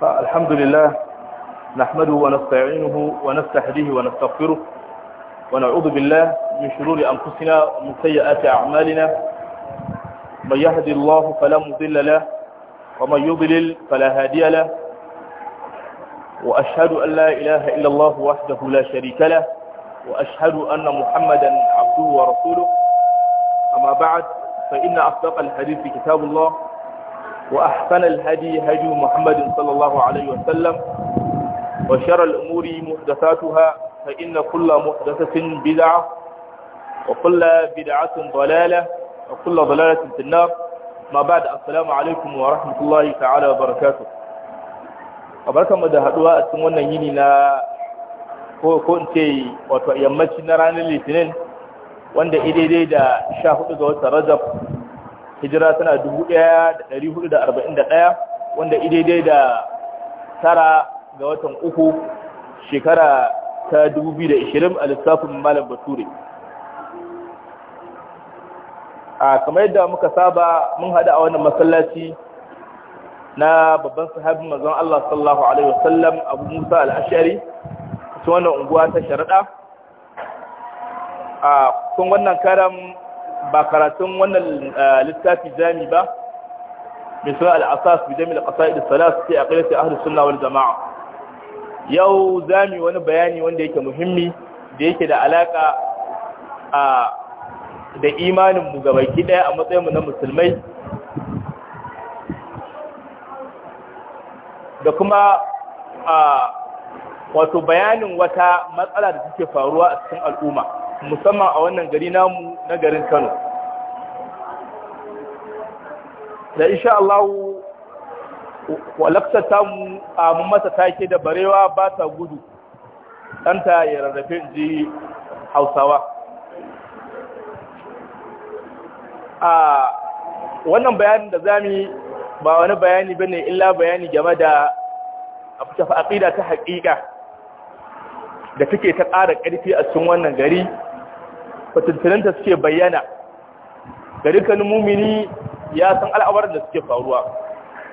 فالحمد لله نحمده ونستعينه ونستهديه ونستغفره ونعوذ بالله من شرور أنفسنا ومن سيئات أعمالنا من يهد الله فلا مضل له ومن يضلل فلا هادي له وأشهد أن لا إله إلا الله وحده لا شريك له وأشهد أن محمدا عبده ورسوله أما بعد فإن أصدق الحديث كتاب الله وأحسن الهدي هدي محمد صلى الله عليه وسلم وشر الأمور محدثاتها فإن كل محدثة بدعة وكل بدعة ضلالة وكل ضلالة في النار ما بعد السلام عليكم ورحمة الله تعالى وبركاته أبركة مدهدوا أتمنى يني لا ko in ce wato yammaci na ranar litinin wanda idai da 14 ga watan rajab hijira tana 1441 wanda idai da tara ga watan uku shekara ta 2020 a lissafin malam bature a kamar yadda muka saba mun hada a wannan masallaci na babban sahabin mazan Allah sallahu alaihi wasallam abu musa al'ashari su wannan unguwa ta sharaɗa a kun wannan karam ba karatun wannan eh, littafi jami ba mai suna su bi jami al-qasaid salas ce a qilati ahli sunna wal jamaa yau zami wani bayani wanda yake muhimmi da yake da alaka a da imanin mu gabaki daya a matsayin mu na musulmai da kuma a wato bayanin wata matsala da take faruwa a cikin al'umma musamman a wannan gari namu na garin Kano da isha Allah walafta ta mu a mun masa take da barewa ba ta gudu ɗanta ya rarrafe ji hausawa a wannan bayanin da zami ba wani bayani ba ne illa bayani game da abu ta ta haƙiƙa da take ta ƙara ƙarfi a cikin wannan gari fatattunanta suke bayyana ga dukkanin mumini ya san al'amuran da suke faruwa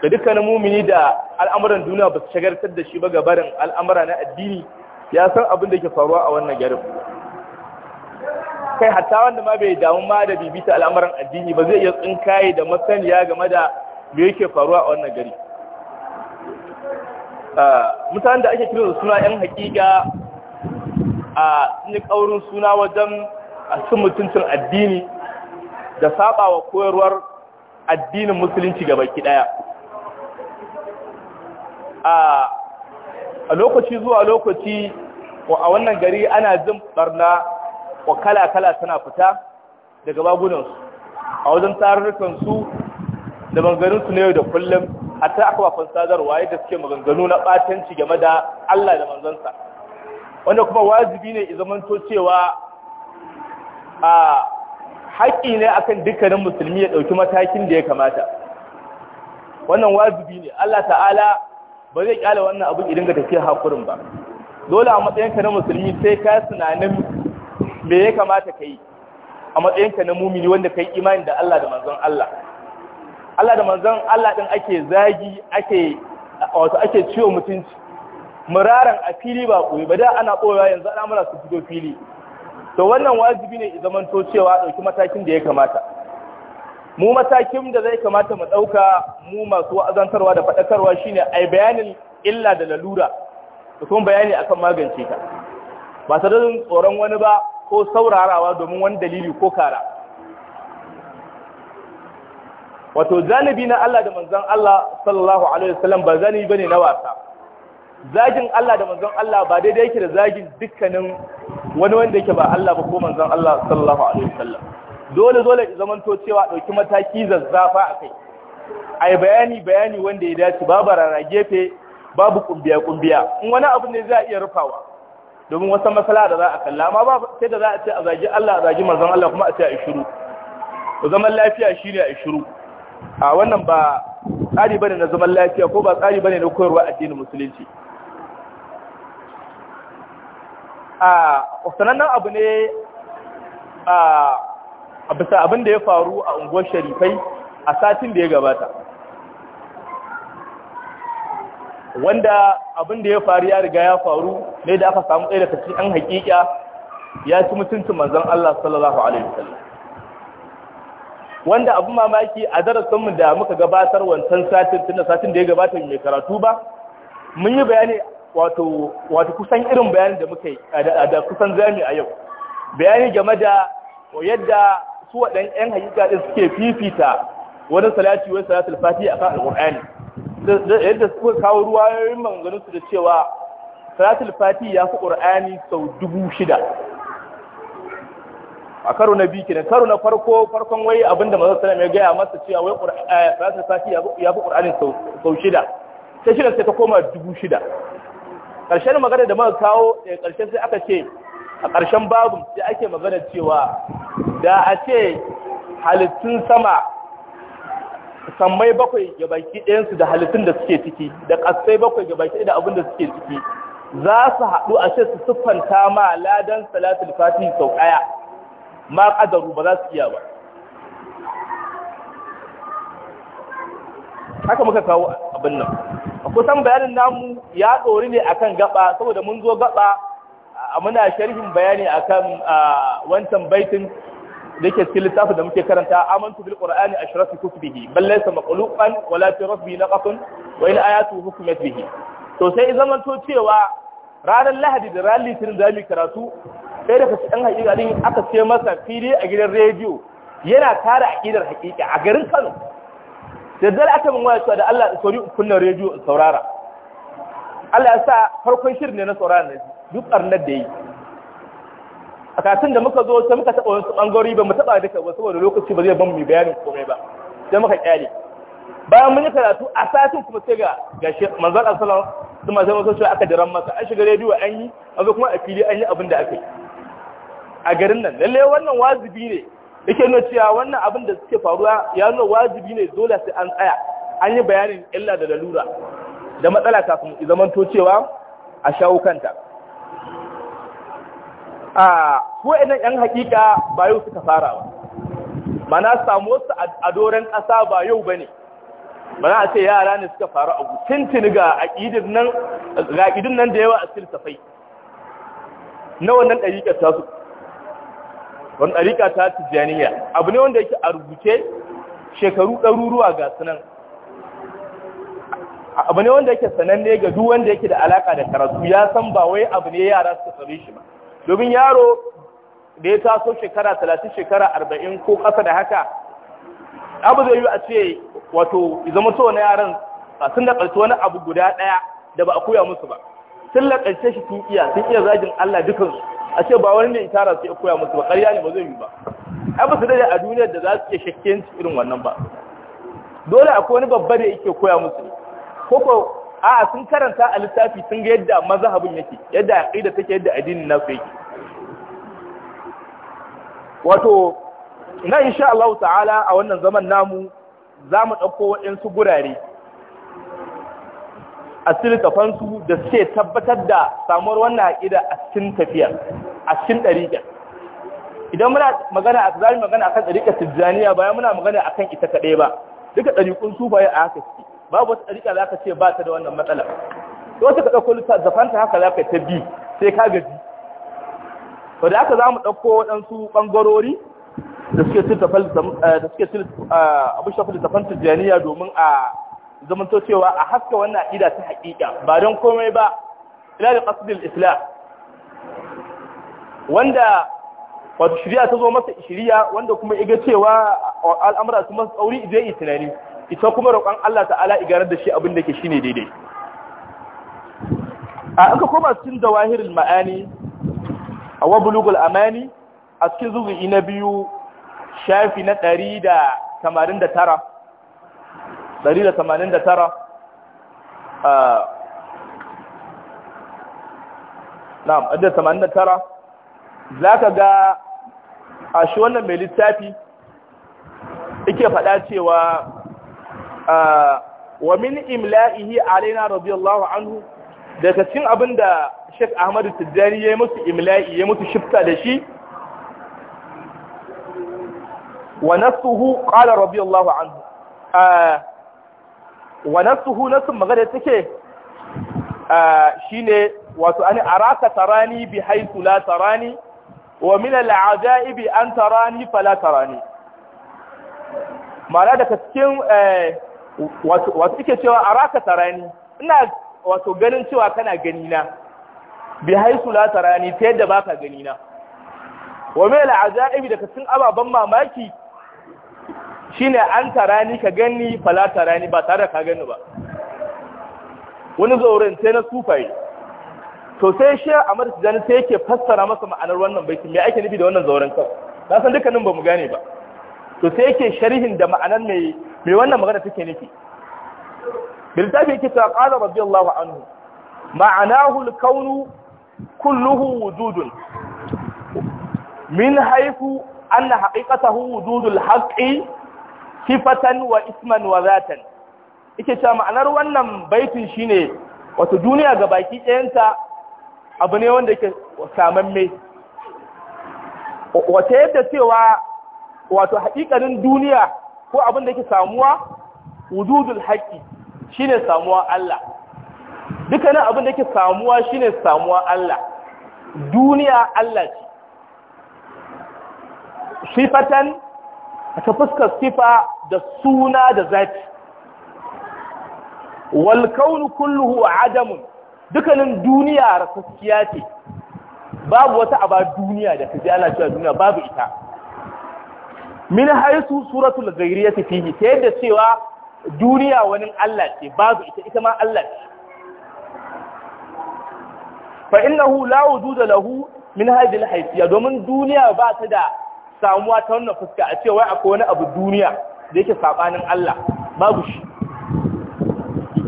ga dukkanin mumini da al'amuran duniya ba su shagartar da shi ba gabarin al'amura na addini ya san abin da ke faruwa a wannan garin kai hatta wanda ma bai damu ma da bibita al'amuran addini ba zai iya tsinkaye da masaniya game da me yake faruwa a wannan gari mutanen da ake kira da suna 'yan hakika a ni kaurin suna wajen a cikin mutuncin addini da saba wa koyarwar addinin musulunci ga baki daya a lokaci zuwa lokaci a wannan gari ana jin barna wa kala-kala tana fita daga bagunansu a wajen tarurrukansu da maganganunsu na yau da kullum hatta akwafin sadarwa yadda suke maganganu na batanci game da Allah da manzansa wanda kuma wajibi ne izamanto cewa a haƙƙi ne akan dukkanin musulmi ya ɗauki matakin da ya kamata wannan wajibi ne Allah ta'ala ba zai ƙyale wannan abu idan ga tafiya hakurin ba dole a matsayinka na musulmi sai ka tunanin me ya kamata ka yi a matsayinka na mumini wanda ka yi imani da Allah da manzon Allah Allah da manzon Allah ɗin ake zagi ake wato ake ciwo mutunci muraran a fili ba koyi ba da ana koyawa yanzu al'amura su fito fili to wannan wajibi ne zaman to cewa ɗauki matakin da ya kamata mu matakin da zai kamata mu ɗauka mu masu wa'azantarwa da faɗakarwa shine ai bayanin illa da lalura da kuma bayani akan magance ta ba da tsoron wani ba ko saurarawa domin wani dalili ko kara wato zanibi na Allah da manzon Allah sallallahu alaihi wasallam ba zanibi bane na wasa zagin Allah da manzon Allah ba daidai yake da zagin dukkanin wani wanda yake ba Allah ba ko manzon Allah sallallahu alaihi wasallam dole dole to cewa dauki mataki zazzafa akai ai bayani bayani wanda ya dace ba barara gefe babu kumbiya kumbiya in wani abu ne za a iya rufawa domin wata masala da za a kalla amma ba sai da za a ce a zagi Allah a zagi manzon Allah kuma a ce a shiru to zaman lafiya shine a shiru a wannan ba tsari bane na zaman lafiya ko ba tsari bane na koyarwa addinin musulunci a sanannen abu ne a bisa abin da ya faru a unguwar sharifai a satin da ya gabata wanda abin da ya faru ya riga ya faru ne da aka samu ɗaya daga cikin an haƙiƙa ya ci mutuncin manzan Allah sallallahu alaihi wasallam wanda abin mamaki a darasinmu da muka gabatar wancan satin tunda satin da ya gabata mai karatu ba mun yi bayani wato wato kusan irin bayani da muka yi da kusan zami a yau bayani game da yadda su waɗan yan hakika din suke fifita wani salati wani salatul fatiha akan alqur'ani yadda suka kawo ruwa ruwayoyin maganganun su da cewa salatul fatiha ya fi qur'ani sau dubu shida a karo na biyu kenan karo na farko farkon wai abinda manzon sallallahu alaihi wasallam ya gaya masa cewa wai qur'ani eh, salatul fatiha ya fi qur'ani sau shida sai shida sai ta koma dubu shida ƙarshen magana da muka kawo da eh, ƙarshen sai aka ce a ƙarshen babu sai ake magana cewa da a ce halittun sama sammai bakwai ga baki ɗayansu da halittun da suke ciki da ƙasai bakwai ga baki da abin da suke ciki za su haɗu a ce su siffanta ma ladan salatul fatih sau ɗaya ma ƙadaru ba za su iya ba haka muka kawo abin nan kusan bayanin namu ya ɗori ne akan gaba saboda mun zo gaba muna sharhin bayani akan wancan baitin da ke cikin littafin da muke karanta amantu bil qur'ani ashratu bihi. bal laysa maqluqan wala fi rabbi laqatun wa in ayatu hukmat bihi to sai zaman to cewa ranar lahadi da ranar litinin da mu karatu sai da cikin hakika din aka ce masa fili a gidan rediyo yana tara akidar hakika a garin Kano da dare aka min waya cewa da Allah sauri kunna rediyo saurara Allah ya sa farkon shirin ne na saurara ne duk arnar da yi a katin da muka zo sai muka taɓa wasu ɓangarori ba mu taɓa duka ba saboda lokaci ba zai ban mu bayanin komai ba sai muka kyale bayan mun yi karatu a satin kuma sai ga gashi manzon asalan su masu yamma sosai aka diran masa an shiga rediyo an yi a zo kuma a fili an yi abin da aka a garin nan lallai wannan wajibi ne yake nuna cewa wannan abin da suke faruwa ya nuna wajibi ne dole sai an tsaya an yi bayanin illa da lalura da matsala kafin to cewa a shawo kanta a idan 'yan hakika ba yau suka fara ba mana samu wasu a doron ƙasa ba yau ba ne mana ce yara ne suka faru a gutuntun ga aƙidin nan da yawa a silsafai na wannan ɗariƙar tasu wani ɗariƙa ta tijjaniya abu ne wanda yake a rubuce shekaru ɗaruruwa ga sunan abu ne wanda yake sananne ga duk wanda yake da alaƙa da karatu ya san ba wai abu ne yara su tsare shi ba domin yaro da ya taso shekara talatin shekara arba'in ko ƙasa da haka abu zai yi a ce wato zama so na yaran sun da ƙarshe wani abu guda ɗaya da ba a koya musu ba sun laƙarshe shi sun iya sun iya zagin Allah dukansu a ce ba wani ne isara sai koya musu ba ƙarya ne ba zai yi ba ai ba su dade a duniyar da za su iya shakken irin wannan ba dole akwai wani babba da yake koya musu ko ko a sun karanta a littafi sun ga yadda mazhabin yake yadda aqida take yadda addinin nasu yake wato na insha Allah ta'ala a wannan zaman namu za mu ɗauko waɗansu gurare a silkafansu da suke tabbatar da samuwar wannan haƙida a cikin tafiyar a cikin ɗariƙar idan muna magana a zari magana a kan ɗariƙar tijjaniya bayan muna magana a kan ita kaɗai ba duka ɗariƙun sufaye a haka ciki babu wata ɗariƙa za ka ce ba ta da wannan matsala wasu ka ɗauko zafanta haka za ka ta bi sai ka gaji to da aka za mu ɗauko waɗansu ɓangarori da suke cin eh, abin shafi littafan tijjaniya domin a zamanto cewa a haska wannan aƙida ta haƙiƙa ba don komai ba ila da qasdil islam wanda wato shirya ta zo masa shirya wanda kuma iga cewa al'amura su masu tsauri zai yi tunani ita kuma roƙon Allah ta'ala igarar da shi abin da ke shi ne daidai a aka koma cikin dawahirul ma'ani a wa bulugul amani a cikin zuzu'i na biyu shafi na ɗari da tamarin da tara 189 a ah. na'am 189 zaka ga a shi wannan mai littafi yake faɗa cewa ah, wa min imla'ihi alaina radiyallahu anhu daga cikin abinda Sheikh Ahmadu Tijjani ya yi musu imla'i ya musu shifta da shi wa nasuhu qala radiyallahu anhu ah, wa nafsuhu nafsun magana take shine wato an araka tarani bi haythu la tarani wa min ajaibi an tarani fala tarani ma'ana daga cikin e, wato suke cewa araka tarani ina wato ganin cewa kana gani na bi haythu la tarani ta yadda baka gani na wa min ajaibi daga cikin ababan mamaki ne an tara ni ka gani fala tara ni ba tare da ka gani ba wani zauren sai na sufaye to sai shi a martijani sai yake fassara masa ma'anar wannan baitin mai ake nufi da wannan zauren kan na san dukkanin ba mu gane ba to sai yake sharhin da ma'anar mai wannan magana take nufi biltafi yake ta qala radiyallahu anhu ma'anahu al-kaunu kulluhu wujudun min haifu anna haqiqatahu wujudul haqqi sifatan wa isman wa zatan yake cewa ma'anar wannan baitin shine wato duniya ga baki ɗayanta abu ne wanda yake samamme wata yadda cewa wato haƙiƙanin duniya ko abin da yake samuwa wududul haƙƙi shine samuwa Allah dukkanin abin da yake samuwa shine samuwa Allah duniya Allah ce sifatan ta fuskar sifa da suna da zafi wal kaunu kulluhu adamun dukanin duniya rasaskiya ce babu wata aba duniya da kaji ana cewa duniya babu ita min haisu suratul ghairiyati fihi ta yadda cewa duniya wani Allah ce babu ita ita ma Allah ce fa innahu la da lahu min hadhihi al domin duniya ba ta da samuwa ta wannan fuska a ce wai akwai wani abu duniya da yake sabanin Allah babu shi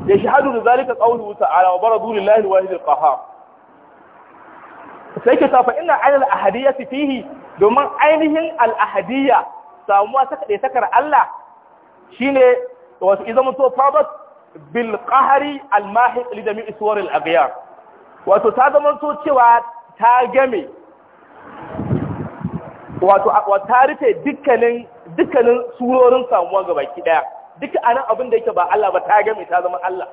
ya shahadu da zalika qawluhu ta'ala wa baradu lillahi al-wahid al-qahhar sai ke safa ina ainihin ahadiyya fihi domin ainihin al-ahadiyya samuwa ta kade takar Allah shine wato idan to fabat bil qahri al-mahiq li jami'i suwar al-aghyar wato ta zama to cewa ta game wato ta rufe dukkanin dukkanin surorin samuwa ga baki daya duk anan abin da yake ba Allah ba ta game ta zama Allah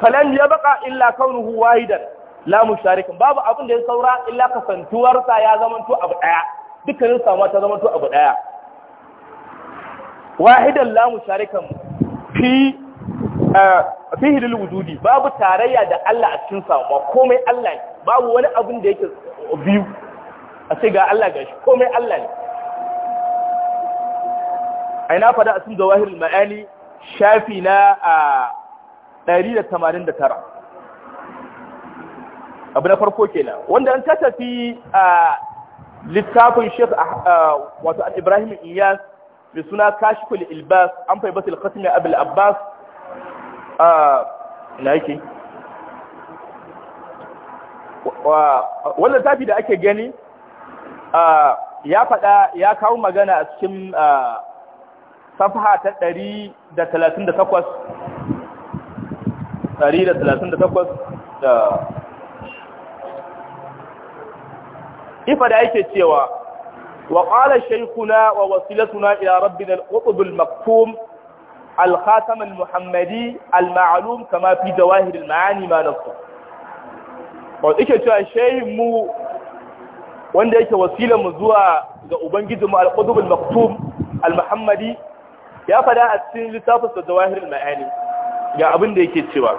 falan ya baka illa kaunuhu wahidan la musharikin babu abin da ya saura illa kasantuwarsa ya to abu daya dukkanin samuwa ta to abu daya wahidan la musharikan fi eh, fihi lil babu tarayya da Allah a cikin samuwa komai Allah babu wani abin da yake biyu a ce ga Allah shi, komai Allah ne A na faɗa a sun ga wahil ma'ani shafi na a 189 abu na farko ke na. wanda an tattafi a littafin a wato Ibrahim Iyas mai suna Kuli Ilbas an faibatul abu al'abbas Abbas Na yake wannan tafi da ake gani ya faɗa ya kawo magana a cikin safaha ta 138 138 ifa da yake cewa wa qala shaykhuna wa wasilatuna ila rabbina al-qutb al-maktum al-khatam al-muhammadi al-ma'lum kama fi jawahir al-ma'ani ma nasu wa yake cewa mu. wanda yake wasilar mu zuwa ga ubangijinmu al-qudub al-maktub al-muhammadi ya fada a cikin litafin zawahir al-ma'ani ga abin da yake cewa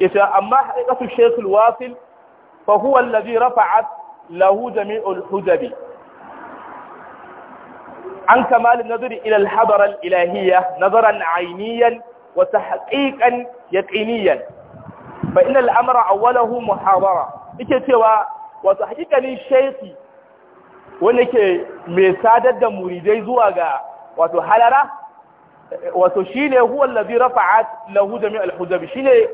yace amma haqiqatu shaykh al-wasil fa huwa alladhi rafa'at lahu jami'u al-hujabi an kamal an-nazar ila al-hadar al-ilahiyya nazaran 'ayniyan wa tahqiqan yaqiniyan fa inna al-amra awwalahu muhadara yake cewa wasu tahqiqan shaykh wanda ke mai sadar da muridai zuwa ga wato halara wato shine huwa zai rafa lahu jami' alhuzabi shi shine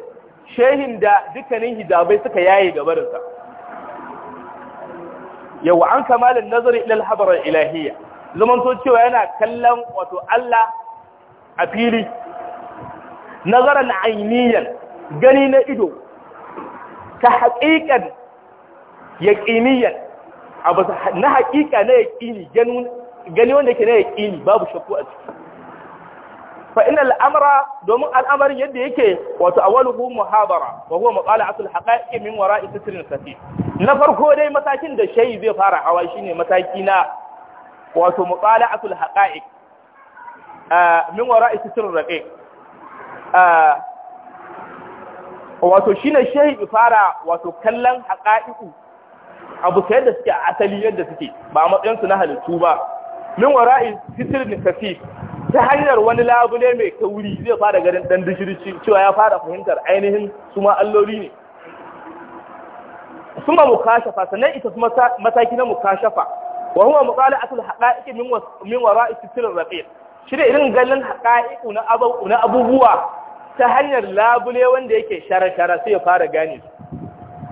shehin da dukkanin hijabai suka yaye gabarinsa. yawa yau an kamalin nazari ilal habarar habar ilahiyya zaman so cewa yana kallon wato Allah a fili nazaran ainiyan gani na ido ta haƙiƙan yaƙiniyar abu na haƙiƙa na yaƙini gani wanda ke na yaƙini babu shakku a ciki fa'in al'amara domin al'amarin yadda yake wato a waluhu muhabara wa huwa maƙala asul haƙaƙi min wara isa sirin safi na farko dai matakin da shayi zai fara hawa shi ne mataki na wato maƙala asul haƙaƙi min wara isa sirin raƙe wato shi ne shayi fara wato kallon haƙa'iku abu sai da suke a asali yadda suke ba a matsayinsu na halittu ba min wara'i fitir nisafi ta hanyar wani labule mai kauri zai fara garin dan dishirci cewa ya fara fahimtar ainihin su ma alloli ne suma mukashafa sannan ita mataki na mukashafa wa huwa muqala'atul haqa'iq min min wara'i sitir raqiq shi ne irin ganin haqa'iqu na abubuwa ta hanyar labule wanda yake shara-shara sai ya fara gane su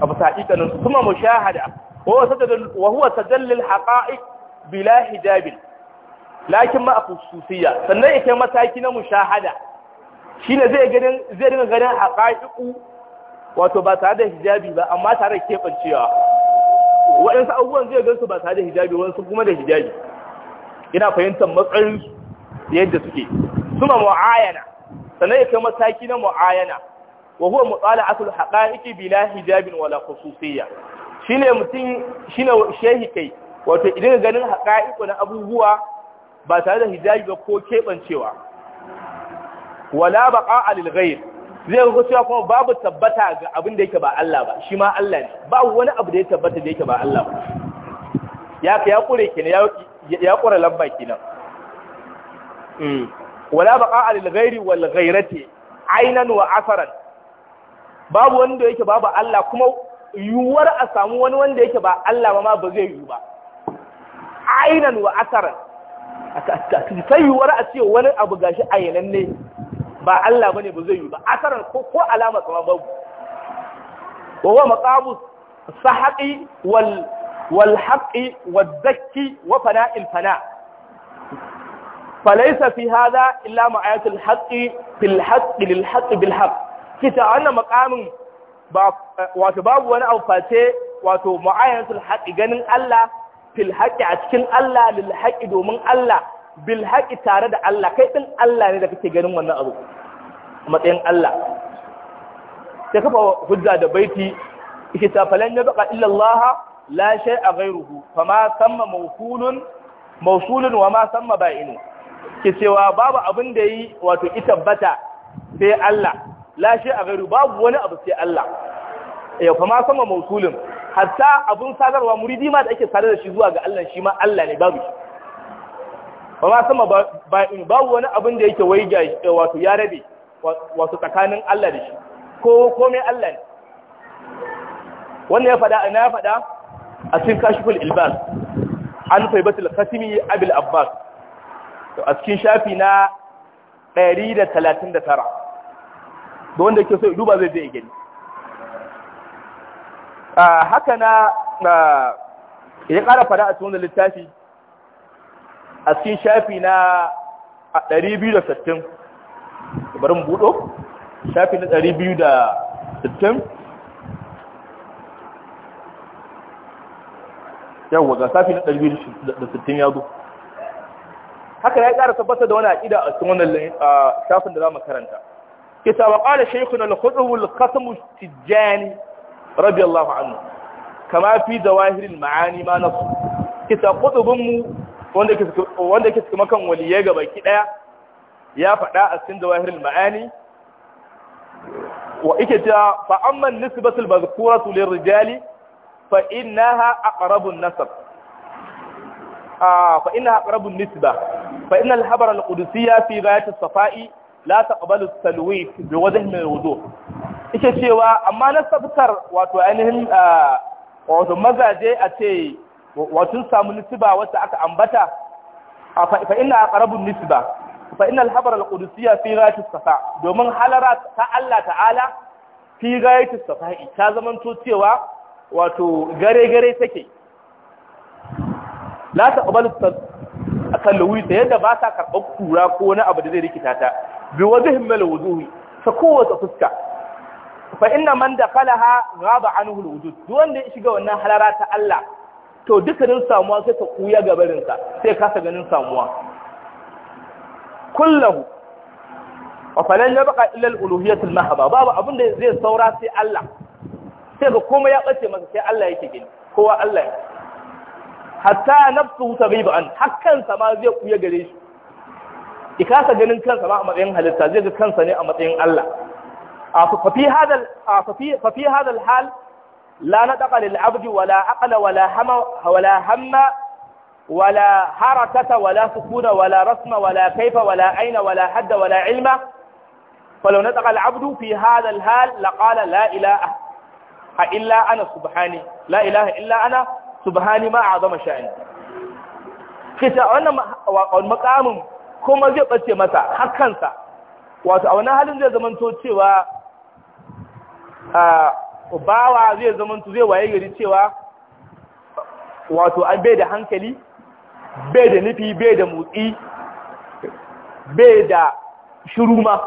a bisa hakikanin su kuma mushahada وهو تجلي الحقائق بلا حجاب lakin ma a khususiyya sannan yake mataki na mushahada shine zai ganin zai dinga ganin haqaiqu wato ba tare da hijabi ba amma tare da kefancewa waɗansu abubuwan zai gansu ba tare da hijabi waɗansu kuma da hijabi ina fahimtar matsayin yadda suke suma mu'ayana sannan yake mataki na mu'ayana wa huwa mutala'atul haqaiqi bila hijabin wala khususiyya shine mutum shine shehi kai wato idan ganin haƙa'iƙo na abubuwa ba tare da hijabi ba ko keɓancewa wala baqa alil ghayr zai ga cewa kuma babu tabbata ga abin da yake ba Allah ba shi ma Allah ne ba wani abu da ya tabbata da yake ba Allah ba ya ya kure ne ya kure lamba kenan mm. wala baqa alil ghairi wal ghairati aynan wa asaran babu wanda yake babu Allah kuma yiwuwar a samu wani wanda yake ba Allah ba ma ba zai yiwu ba ainan wa asaran ta yiwuwar a ce wani abu gashi ayanan ne ba Allah bane ba zai yiwu ba asaran ko alama sama babu wa huwa maqamu sahaqi wal wal haqqi wad dakki wa fana'il fana فليس في هذا إلا معاية الحق بالحق للحق بالحق كتا أن مقام wato babu wani abu face wato mu'ayyanatul haƙi ganin Allah fil haqqi a cikin Allah lil haqqi domin Allah bil haqqi tare da Allah kai ɗin Allah ne da kake ganin wannan abu matsayin Allah sai kafa hujja da baiti yake ta ya baka illallah, Allah la shay'a ghayruhu fama samma mawsulun mawsulun wa ma samma ba'inu ke cewa babu abin da yi wato bata, sai Allah la shi a gairu babu wani abu sai Allah ya eh, kuma sama mausulin hatta abun sadarwa muridi ma da ake sadar da shi zuwa ga Allah shi ma Allah ne babu shi kuma sama babu wani abun da yake waiga eh, wato ya rabe wato tsakanin Allah da shi ko komai Allah ne wannan ya faɗa ina ya faɗa a cikin kashiful ilbas an faibatul khatimi abil abbas a cikin shafi na 139 da wanda ke so ya duba zai je ya gani haka na ya ƙara fada a cikin littafi a cikin shafi na 260 bari mu buɗo shafi na 260 yau ga shafi na 260 ya zo haka ya ƙara tabbata da wani aƙida a cikin wannan shafin da za mu karanta kita wa qala shaykhuna al-khudbu al-qasm tijani radiyallahu annu, kama fi da wahirin maani ma nasu kita khudbun mu wanda ke wanda ke kan waliye gaba ki daya ya faɗa a cikin da wahirin maani wa ikita fa amma an-nisbatu al-madhkuratu lir-rijali fa innaha aqrabu an-nasab nasar, ah, innaha aqrabu an-nisba fa inna al na al-qudsiyya fi ghayat as-safa'i la taqbalu talwif bi wajh min wudu ita cewa amma na sabkar wato ainihin ah, wato mazaje a ce wato samu nisba wacce aka ambata fa inna aqrabu nisba fa inna al-habra al-qudsiyya fi ghayati as-safa domin halara ta Allah ta'ala fi ghayati as-safa'i ta to cewa wato gare gare take la taqbalu akan ta yadda ba ta karɓar kura ko wani abu da zai rikita ta bi wazihin mala wuzuhi ta kowace fuska fa inna man da dakalaha an anhu alwujud duk wanda ya shiga wannan halara ta Allah to dukkanin samuwa sai ta kuya gabarinsa, sai sai kasa ganin samuwa kullahu wa falan yabqa illa aluluhiyyah mahaba babu abin da zai saura sai Allah sai ga komai ya bace masa sai Allah yake gani kowa Allah حتى نفسه tabibu عن hakkan sa ma zai kuya gare shi ikasa ganin kansa ma a matsayin halitta zai ga kansa ففي هذا آه، ففي هذا الحال لا نطق للعبد ولا عقل ولا هم ولا هم ولا حركة ولا سكون ولا رسم ولا كيف ولا أين ولا حد ولا علم فلو نطق العبد في هذا الحال لقال لا إله إلا أنا سبحاني لا إله إلا أنا subhani ma azama sha'ani a wannan makamin kuma zai bace masa har wato a wannan halin zai zamanto cewa a bawa zai zamanto zai waye gari cewa wato an bai da hankali bai da nufi bai da motsi bai da shiru ma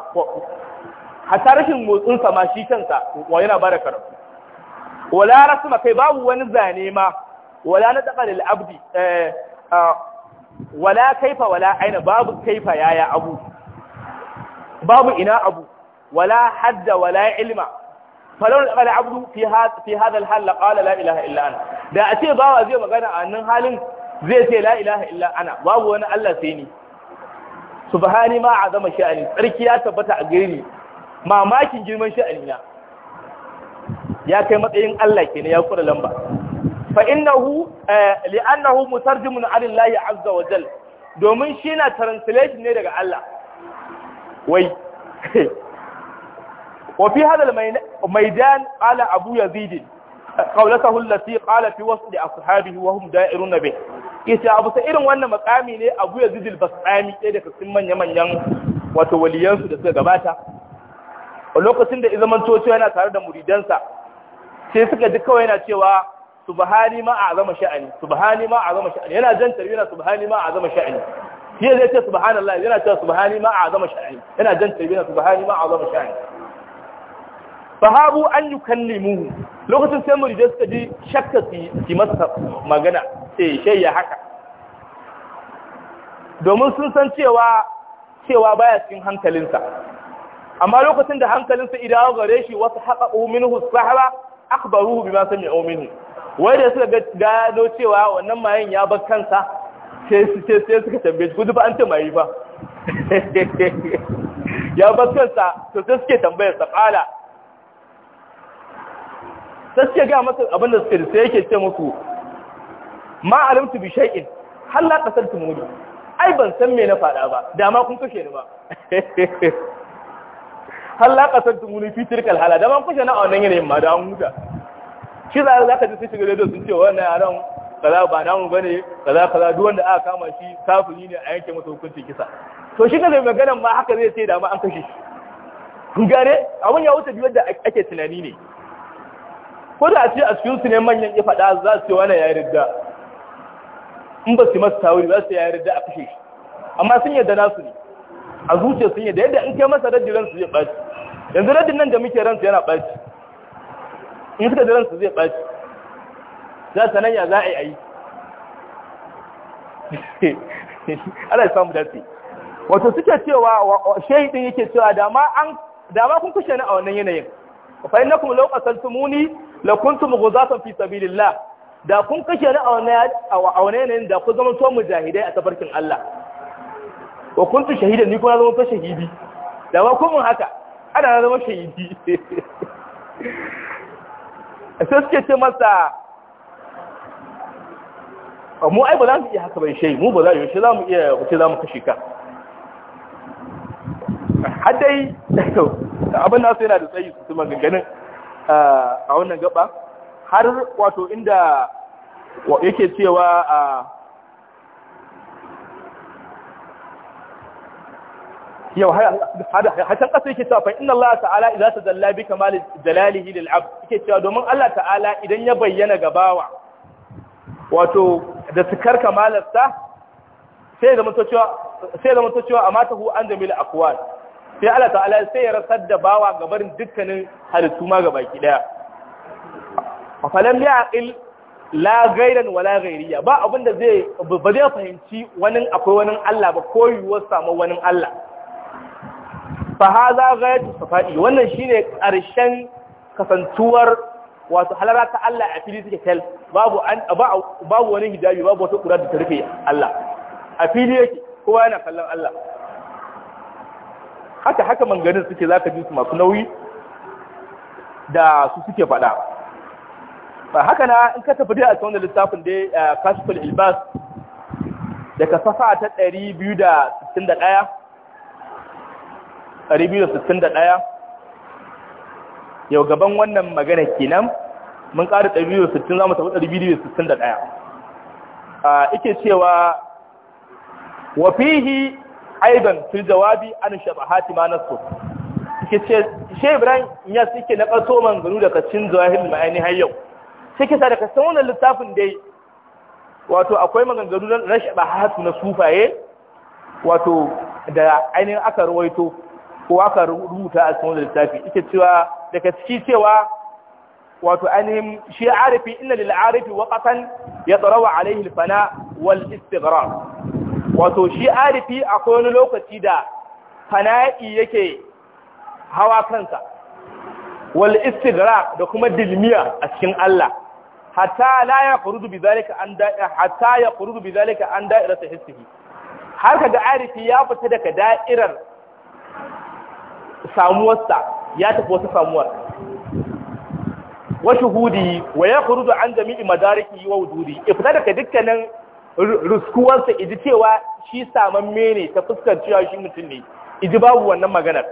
hata rashin motsinsa ma shi kansa wa yana ba da karatu wala rasu kai babu wani zane ma wala nataqa lil abdi eh, ah, wala kaifa wala aina babu kaifa yaya abu babu ina abu wala hadda wala ilma falon da kala abdu fi fi hada al qala la ilaha illa da a ce bawa zai magana a nan halin zai ce la ilaha illa ana babu wani Allah sai ni subhani ma azama sha'ani sarki ya tabbata a gare ni mamakin girman sha'ani na ya kai matsayin Allah kenan ya kura lamba fa innahu li'annahu mutarjimun alillahi azza wa jal domin shi na translation ne daga Allah wai wa fi hadha al-maidan qala abu yazid qawlatahu allati qala fi wasl ashabihi wa hum da'iruna bih yace abu sa irin wannan makami ne abu yazid al tsami ɗaya daga cikin manya manyan wato waliyansu da suka gabata lokacin da izaman cewa yana tare da muridansa sai suka ji kawai yana cewa subhani ma azama sha'ani subhani ma azama sha'ani yana jan tarbi yana subhani ma azama sha'ani shi zai ce subhanallah yana cewa subhani ma azama sha'ani yana jan tarbi yana subhani ma azama sha'ani fahabu an yukallimu lokacin sai mu murijai suka ji shakka su masa magana sai shayya haka domin sun san cewa cewa baya cikin hankalinsa amma lokacin da hankalinsa idawo gare shi wasu haƙa'u minhu sahaba akbaruhu bima sami'u minhu wai da suka gado cewa wannan mayan ya bar kansa sai suka tambaye shi gudu ba an tambaye ba ya bar kansa to sai suke tambayar sa kala sai suke ga masa abin da suke sai yake ce musu ma alimtu bi shay'in halla la qasaltu ai ban san me na fada ba dama kun kashe ni ba halla ƙasar qasaltu mudi fi hala dama kun kashe na a wannan yanayin ma da an huta shi za za ka ji sun shiga radio sun ce wannan yaran kaza ba namu bane kaza kaza duk wanda aka kama shi kafiri ne a yanke masa hukuncin kisa to shi kaza maganan ma haka zai sai da ma an kashe shi kun gane abun ya wuce biyar da ake tunani ne ko da a ce a cikin su ne manyan ya faɗa za su ce wannan ya yarda in ba su masa tawuri za su ya yarda a kashe shi amma sun yarda nasu ne a zuciya sun yarda yadda in kai masa raddi ransu zai ɓaci yanzu raddin nan da muke ransu yana ɓaci in suka jiran su zai ɓaci za ta nan ya za a yi a ala samu dace wato suke cewa shaidin yake cewa dama kun kushe ni a wannan yanayin fa innakum law qasaltumuni la kuntum ghuzatan fi sabilillah da kun kashe ni a wannan yanayin da ku zama to mujahidai a tafarkin Allah wa kuntu shahidan ni kuma zama to shahidi da ba kun haka ana zama shahidi sai suke ce masa mu ai ba za mu iya haka bai shai mu ba za mu shi za mu iya wuce za mu kashe ka haddai abin nasu yana da tsayi su ganganin eh, a wannan gaba har wato inda yake cewa a ah, yau hatan ƙasa yake cewa fa'in Allah ta'ala idan ta zalla bi kamar jalalihi da abd yake cewa domin Allah ta'ala idan ya bayyana gabawa, wato da tukar kamalarsa sai da ta, cewa sai da mutu cewa an jamil aqwal sai Allah ta'ala sai ya rasar da bawa gabarin dukkanin halittu ma gabaki daya falam ya'qil wala ba abinda da ba fahimci wani akwai wani Allah ba ko yiwuwar samu wani Allah fahaza ghayatu safadi wannan shi ne ƙarshen kasantuwar wato halara ta Allah a fili suke tel babu babu wani hijabi babu wata kura da ta rufe Allah a fili yake kowa yana kallon Allah haka haka manganin suke za ka ji su masu nauyi da su suke faɗa ba haka na in ka tafi dai a tsawon littafin da dai eh, kwal ilbas daga safa ta 261 261 yau gaban wannan magana kenan mun ƙara 260 za mu tafi 261 a ike cewa wa fihi aidan fil jawabi an shabahati ma nasu ke ce she ibrahim ya suke na man manzuru daga cin zawahir ma'ani har yau sai sa daga san wannan littafin dai wato akwai maganganu na rashabahatu na sufaye wato da ainihin aka rawaito ko aka rubuta a cikin wani littafi ita cewa daga ciki cewa wato ainihin shi arifi inna lil arifi waqatan wa alaihi al-fana wal istighraq wato shi arifi akwai wani lokaci da fana'i yake hawa kansa wal istighraq da kuma dilmiya a cikin Allah hatta la yaqurudu zalika an da'a hatta yaqurudu zalika an da'iratu hissihi har kaga arifi ya fita daga da'irar samuwarsa ya tafi wata samuwar wa shuhudi wa ya da an jami'i madariki wa wududi ifta daga dukkanin ruskuwarsa iji cewa shi saman ne ta fuskar cewa shi mutum ne iji babu wannan maganar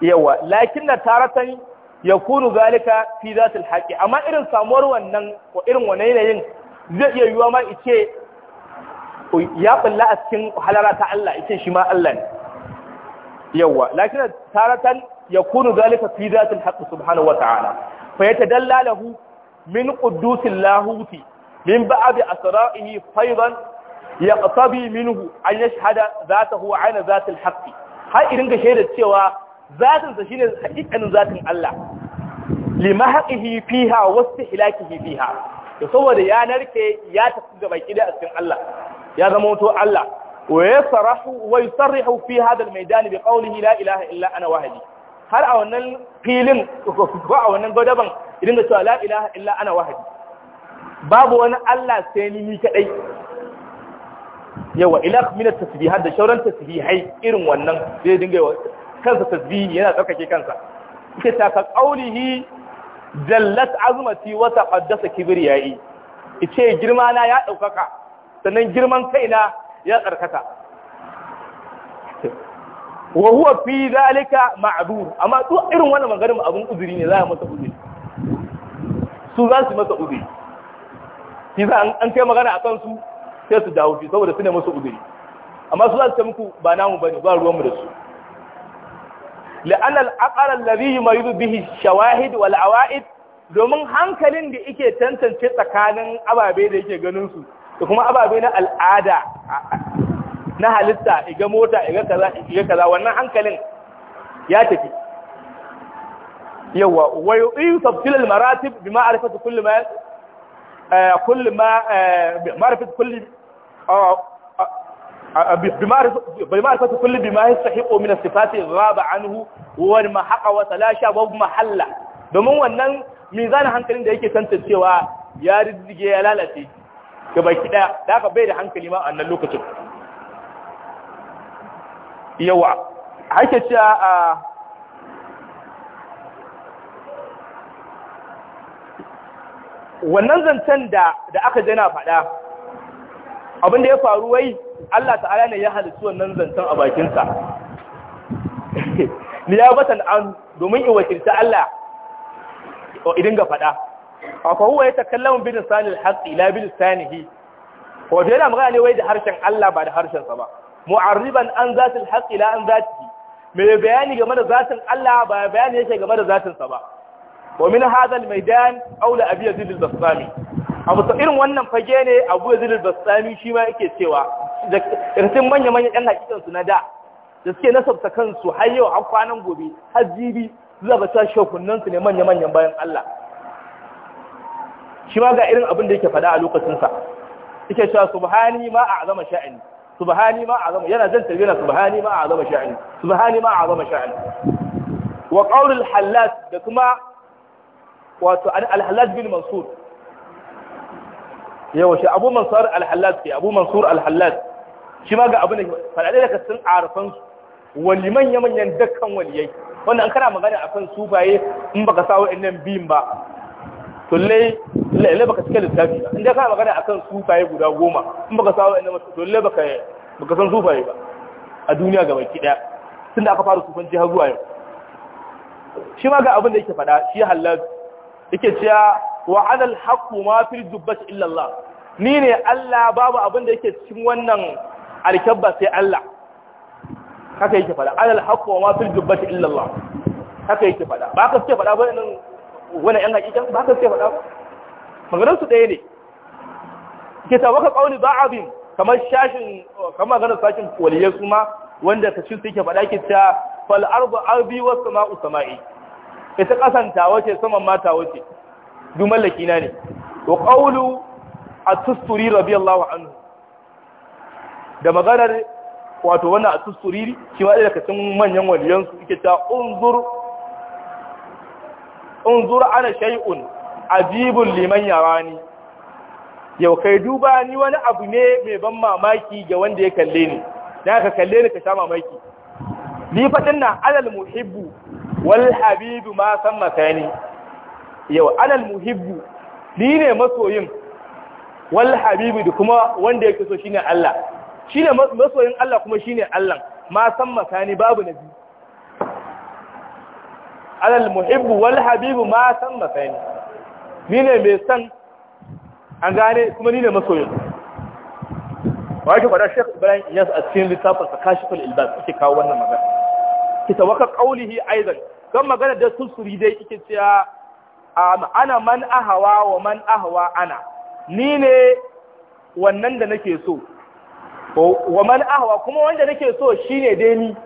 yawa lakin na taratan ya kuru galika, fi su haƙi amma irin samuwar wannan ko irin wannan yanayin zai iya yiwuwa ma ice ya bulla a cikin halara ta Allah ice shi ma Allah ne yawa lakin taratan yakunu zalika fi zatil haqq subhanahu wa ta'ala fa yatadalla lahu min qudusil lahuti min ba'd asra'ihi faydan yaqtabi minhu an yashhada zatahu 'ala zatil haqq har irin ga shaidar cewa zatin sa shine hakikanin zatin Allah limahaqihi fiha wastihlakihi fiha saboda ya narke ya tafi ga baki da cikin Allah ya zama wato Allah ويصرح ويصرح في هذا الميدان بقوله لا إله إلا أنا وحدي har a wannan filin ba a wannan godaban idan da cewa la ilaha illa ana wahadi babu wani Allah sai ni ni kadai yawa ila min at-tasbihat da shauran tasbihai irin wannan zai dinga kansa tasbihi yana tsarkake kansa yake ta ka qaulihi jallat azmati wa taqaddasa kibriyai ice girma na ya daukaka sannan girman kaina ya tsarkaka wa huwa fi zalika ma'dur amma duk irin wannan maganar abun uzuri ne za a masa uzuri su za su masa uzuri shi za an kai magana a kansu sai su dawo shi saboda su ne masa uzuri amma su za su ce muku ba namu bane ba mu da su La'anal al'aqal alladhi yumayyizu bihi shawahid wal awa'id domin hankalin da yake tantance tsakanin ababe da yake ganin su da kuma ababe na al'ada na halitta iga mota iga kaza iga kaza wannan hankalin ya tafi yawa wa yusabtil al maratib bi ma'rifati kulli ma eh, kulli ma eh, ma'rifati kulli بمعرفة كل بما يستحق من الصفات غاب عنه وما حق وتلاشى وما حل domin wannan mizanin hankalin da yake tantancewa ya rizige ya lalace ga baki daya da aka bai da hankali ma annan lokacin yawa haka ce a wannan zancen da da aka jana faɗa da ya faru wai Allah ta'ala ne ya halittu wannan zancen a bakinsa liyabatan an domin in iwakilta Allah idan ga faɗa afa huwa yatakallamu bi lisanil haqqi la bi lisanihi wato yana magana ne wai da harshen Allah ba da harshen sa ba mu'arriban an zatil haqqi la an zati mai bayani game da zatin Allah ba bayani yake game da zatin sa ba wa min hadha al maidan aula abi yazid al bastami abu ta irin wannan fage ne abu yazid al bastami shi ma yake cewa da irin manya manya ɗan hakikan su na da da suke nasabta kansu har yau har kwanan gobe har jibi zuwa ba ta shekunnan su ne manya manyan bayan Allah shi ma ga irin abin da yake faɗa a lokacinsa yake cewa subhani ma a azama sha'ani subhani ma a azama yana jan tarbiyya subhani ma a azama sha'ani subhani ma a azama sha'ani wa qaulul hallas da kuma wato al bin mansur yawa shi abu mansur al ke abu mansur al-hallas shi ma ga abin da faɗaɗe daga sun arfan wani manya-manyan dakkan waliyai Wannan an kana magana akan su baye in baka sa wa'annan biyun ba tullai lalle baka cika littafi ba inda ka magana akan sufaye guda goma in baka sawo inda masu to lalle baka baka san sufaye ba a duniya gaba ki daya tunda aka fara sufanci har zuwa yau shi ma ga abin da yake faɗa shi hallaz yake cewa wa alal haqqu ma fil dubbati illa Allah ni ne Allah babu abin da yake cikin wannan alkabba sai Allah haka yake faɗa alal haqqu ma fil dubbati illa Allah haka yake faɗa ba ka ce faɗa ba nan wani yan hakikan ba ka ce faɗa ba maganar su ɗaya ne ke ta waka ba abin kamar shashin kamar maganar sashin waliyar su ma wanda ta shi suke faɗa ke ta fal ardu arbi wasu sama'u sama'i ta kasan ta wace saman mata wace duk mallaki na ne wa qawlu a tusturi wa anhu da maganar wato wannan a tusturi shi ma daga cikin manyan waliyan su ta unzur unzur ana shay'un ajibun liman yarani yau kai duba ni wani abu ne mai ban mamaki ga wanda ya kalle ni da ka kalle ni ka sha mamaki ni fatin na alal muhibbu wal habibu ma san makani yau alal muhibbu ni ne masoyin wal habibu da kuma wanda yake so shine Allah shine masoyin Allah kuma shine Allah ma san makani babu nabi alal muhibbu wal habibu ma san makani ni ne mai san an gane kuma ni ne masoyin wa yake faɗa shek Ibrahim yas a cikin littafin sa Kashiful Ilbas yake kawo wannan magana ki tawaka qawlihi aidan kan magana da susuri dai kike cewa ana man ahawa wa man ahawa ana ni ne wannan da nake so wa man ahawa kuma wanda nake so shine dai ni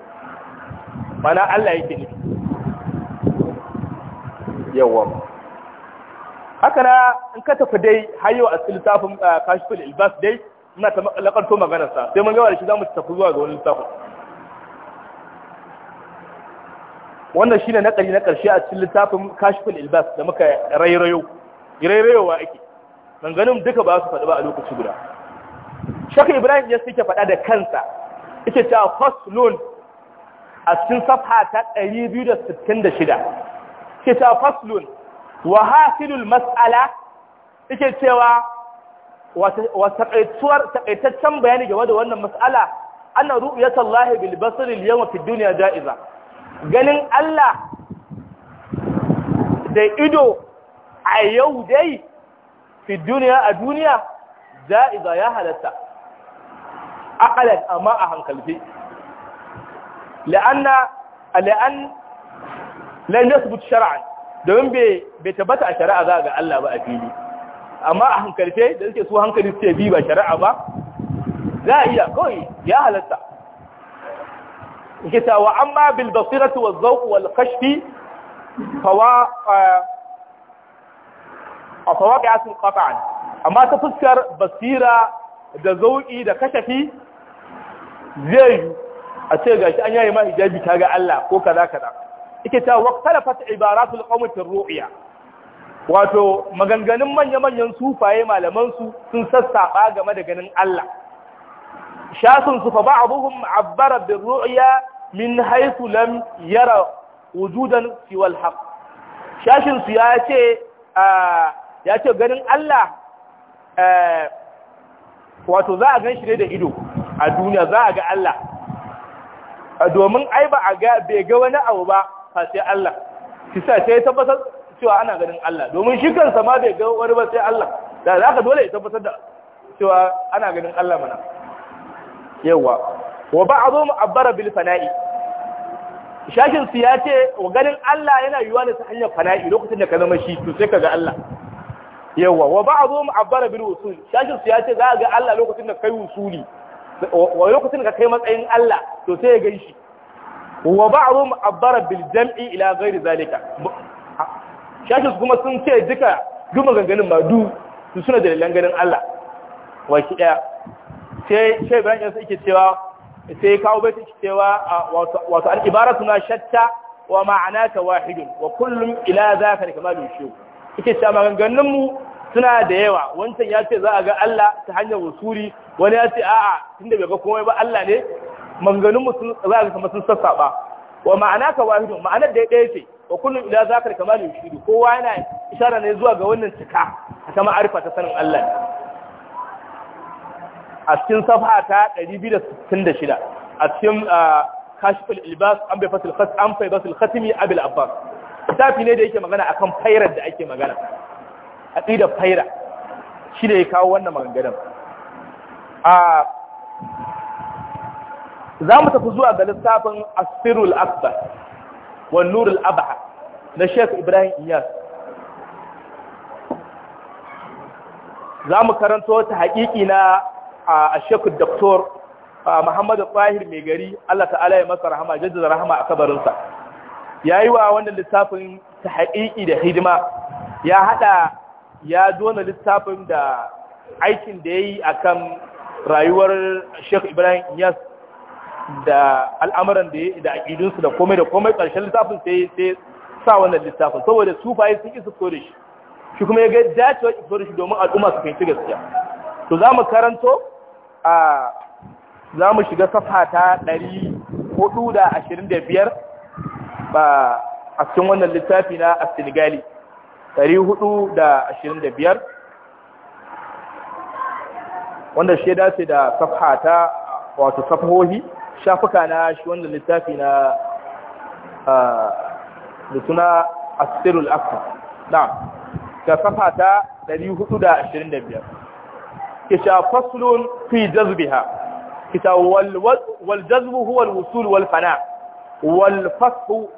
mana Allah yake ni yawwa haka na in ka tafi dai har yau a littafin ah, kashifin ilbas dai muna ta lakarto maganarsa sai mun gawa da shi za mu tafi zuwa ga wani littafin wannan ne na ƙari na ƙarshe a cikin littafin kashifin ilbas da muka rairayo rairayowa ake ganin duka ba su faɗi ba a lokaci guda shaka ibrahim ya suke faɗa da kansa ita ce a loan a cikin safha ta 266 ke ta loan. wa hasilul mas'ala yake cewa wa taqaituwar taqaitaccen bayani game da wannan mas'ala Ana anna ru'yatullahi bil basri al yawma fi dunya da'iza ganin Allah da ido a yau dai fi duniya a duniya da'iza ya halatta aqalan amma a hankalfi la'anna la'an lan yasbut shar'an domin bai tabbata a shari'a za ga Allah ba a fili amma a hankalce da suke su hankali suke bi ba shari'a ba za a iya kawai ya halatta kita wa amma bil basiratu waz zawq wal kashfi fawa a amma ta fuskar basira da zauki da kashafi zai a ce gashi an yayi ma hijabi ga Allah ko kaza kaza ita ta waqtalafat ibaratul qawmi fi ru'ya wato maganganun manya-manyan sufaye malamansu su sun sassaba game da ganin Allah shasun su fa ba'dhum abbara bir ru'ya min haythu lam yara wujudan siwal haqq shashin su ya ce ya ganin Allah wato za a gan ne da ido a duniya za a ga Allah domin ai ba a ga bai ga wani abu ba fa sai Allah kisa sai tabbatar cewa ana ganin Allah domin shi kansa ma bai ga wani ba sai Allah da zaka dole ya tabbatar da cewa ana ganin Allah mana yawa wa ba'dhu mu'abbara bil fana'i shashin su ya ce wa ganin Allah yana yiwuwa ne ta hanyar fana'i lokacin da ka zama shi to sai ka ga Allah yawa wa ba'dhu mu'abbara bil wusul shashin su ya ce za ga Allah lokacin da kai wusuli wa lokacin da kai matsayin Allah to sai ya gan shi wa ba'dhum abbara bil jam'i ila ghairi zalika shashi kuma sun ce duka duk ganganin ma du su suna da ganin Allah waki daya sai sai Ibrahim yansa yake cewa sai kawo bai yake cewa wato al ibaratu na shatta wa ma'anata wahidun wa kullum ila zaka kamalu shi yake cewa maganganun mu suna da yawa wancan ya ce za a ga Allah ta hanyar wasuri wani ya ce a'a tunda bai ga komai ba Allah ne manganin mu za ga kamar sun ba wa ma'ana ka wahidu ma'anar da ya ɗaya ce wa kullum ila zakar kamar shiru? kowa yana ishara ne zuwa ga wannan cika kama ma'arifa ta sanin Allah a cikin safa ta 266 a cikin kashiful ilbas an bai fasil khat an fai fasil khatimi abil abbas tafi ne da yake magana akan fairar da ake magana A aqidar faira shi da ya kawo wannan maganganar a za mu tafi zuwa ga littafin asirul akbar wa nurul abha na sheikh ibrahim iyas za mu karanto ta haƙiƙi na a shekul doktor muhammadu fahir mai gari allah ta'ala ya masa rahama jajjaza rahama a kabarinsa ya yi wa wannan littafin ta haƙiƙi da hidima ya haɗa ya zona littafin da aikin da ya yi a kan rayuwar sheikh ibrahim iyas da al'amuran da da aqidunsu da komai da komai ƙarshen littafin sai sai sa wannan littafin saboda sufaye sun ki su da shi shi kuma ya ga dacewa ki fito shi domin al'umma su fahimci gaskiya to za mu karanto a za mu shiga safa ta 425 ba a cikin wannan littafi na Senegali 425 wanda shi dace da safha ta wato safahohi shafuka na shi wanda littafi na da suna asirul aksa na ta safa ta 425 kisha faslun fi jazbiha kisha wal jazbu huwa al-wusul wal fana wal fasfu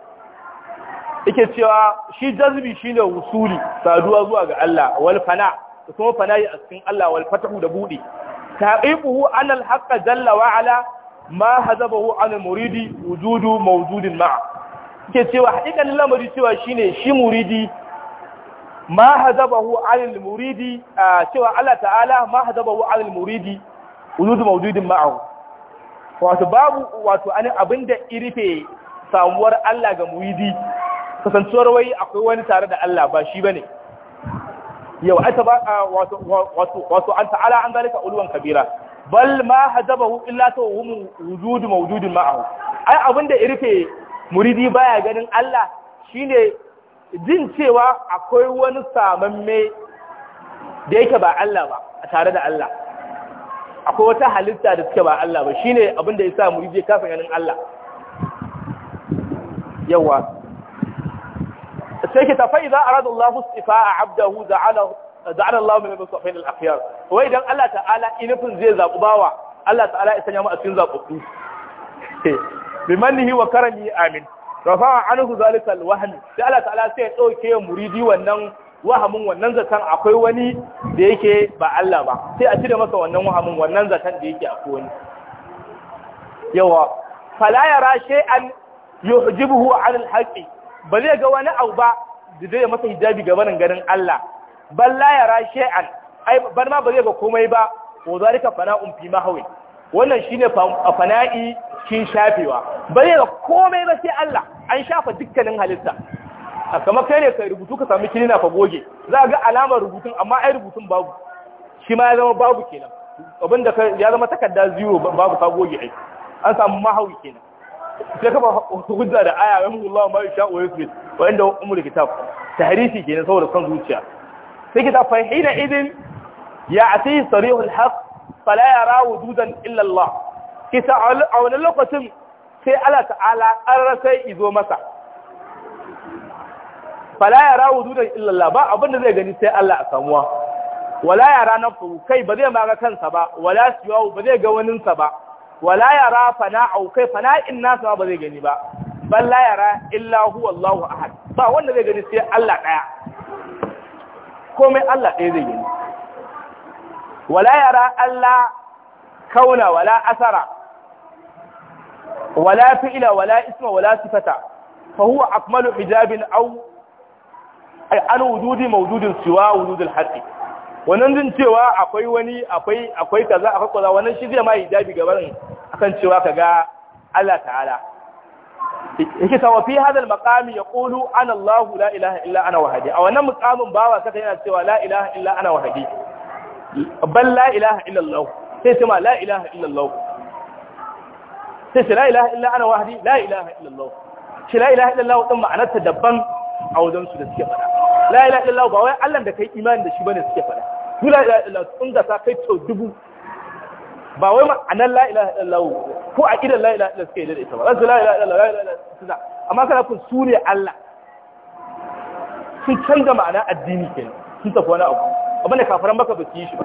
yake cewa shi jazbi shi ne wusuli saduwa zuwa ga Allah wal fana kuma fana yi a cikin Allah wal fatahu da bude taqibuhu anal haqqa jalla wa ma hazabahu an muridi wujudu mawjudin ma'a ke cewa hakikalin lamari cewa shine shi muridi ma hazabahu an muridi cewa Allah ta'ala ma hazabahu an muridi wujudu mawjudin ma'a wato babu wato an abinda irife samuwar Allah ga muridi kasancewar wai akwai wani tare da Allah ba shi bane yau ba wato wato wato an ta'ala an zalika uluwan kabira bal ma hajabahu illa tawhum wujud mawjudun ma'ahu ai abinda irfe muridi baya ganin Allah shine jin cewa akwai wani samamme da yake ba Allah ba a tare da Allah akwai wata halitta da suke ba Allah ba shine abinda yasa muridi kafa ganin Allah yawa sai ke tafa idza aradallahu istifa'a 'abdahu za'alahu ja'ala Allah min al-mustafain al-akhyar wai idan Allah ta'ala inifin zai zabu bawa Allah ta'ala ya sanya mu a cikin zababbu bi manhi wa karami amin rafa'a anhu zalika al wahn sai Allah ta'ala sai ya dauke muridi wannan wahamin wannan zakan akwai wani da yake ba Allah ba sai a cire masa wannan wahamin wannan zakan da yake akwai wani yawa fala yara shay'an yuhjibuhu 'ala al haqi ba zai ga wani abu ba da zai masa hijabi ga barin ganin Allah bal la yara shay'an ai bar ma ba zai ga komai ba wa zalika fana'un fi mahawin wannan shine fana'i kin shafewa ba zai ga komai ba sai Allah an shafa dukkanin halitta a kamar kai ne kai rubutu ka sami kilina fa goge za ga alamar rubutun amma ai rubutun babu shi ma ya zama babu kenan abin da ya zama takarda zero babu ka goge ai an samu mahawi kenan sai ka ba hujja da aya wa Allah ma yasha wa yusbit wa inda umul kitab tahrifi kenan saboda kan zuciya sai ta fahina idin ya ati sarihul haq fala yara wujudan illa Allah kita a wani lokacin sai Allah ta'ala an sai izo masa fala yara wujudan illa Allah ba abin da zai gani sai Allah a samuwa wala yara nafsu kai ba zai maga kansa ba wala siyawu ba zai ga waninsa ba wala yara fana'u kai fana'in nasa ba zai gani ba bal la yara illa huwa Allahu ahad ba wanda zai gani sai Allah daya komai Allah ɗaya zai gani wala yara Allah kauna wala asara wala fi'ila wala isma wala sifata fa huwa akmalu hijabin aw an wujudi mawjudin siwa wududin haqqi wannan din cewa akwai wani akwai akwai kaza akwai kaza wannan shi zai ma hijabi gaban akan cewa kaga Allah ta'ala yake sawa fi hadal maqami yaqulu ana Allah la ilaha illa ana wahdi a wannan muqamin bawa saka yana cewa la ilaha illa ana wahdi bal la ilaha illa Allah sai ce ma la ilaha illa Allah sai ce la ilaha illa ana wahdi la ilaha illa Allah ce la ilaha illa Allah din ma'anar ta dabban a wajen su da suke fada la ilaha illa Allah ba wai Allah da kai imani da shi bane suke fada la ilaha illa Allah sun ga sa kai to dubu ba wai ma'anar la ilaha illa Allah ko a idan la'ila da suka yi da ita ba za su la la'ila da la ilaha illallah amma kana kun sune Allah sun canza ma'ana addini ke sun tafi wani abu abinda kafaran baka ba su yi shi ba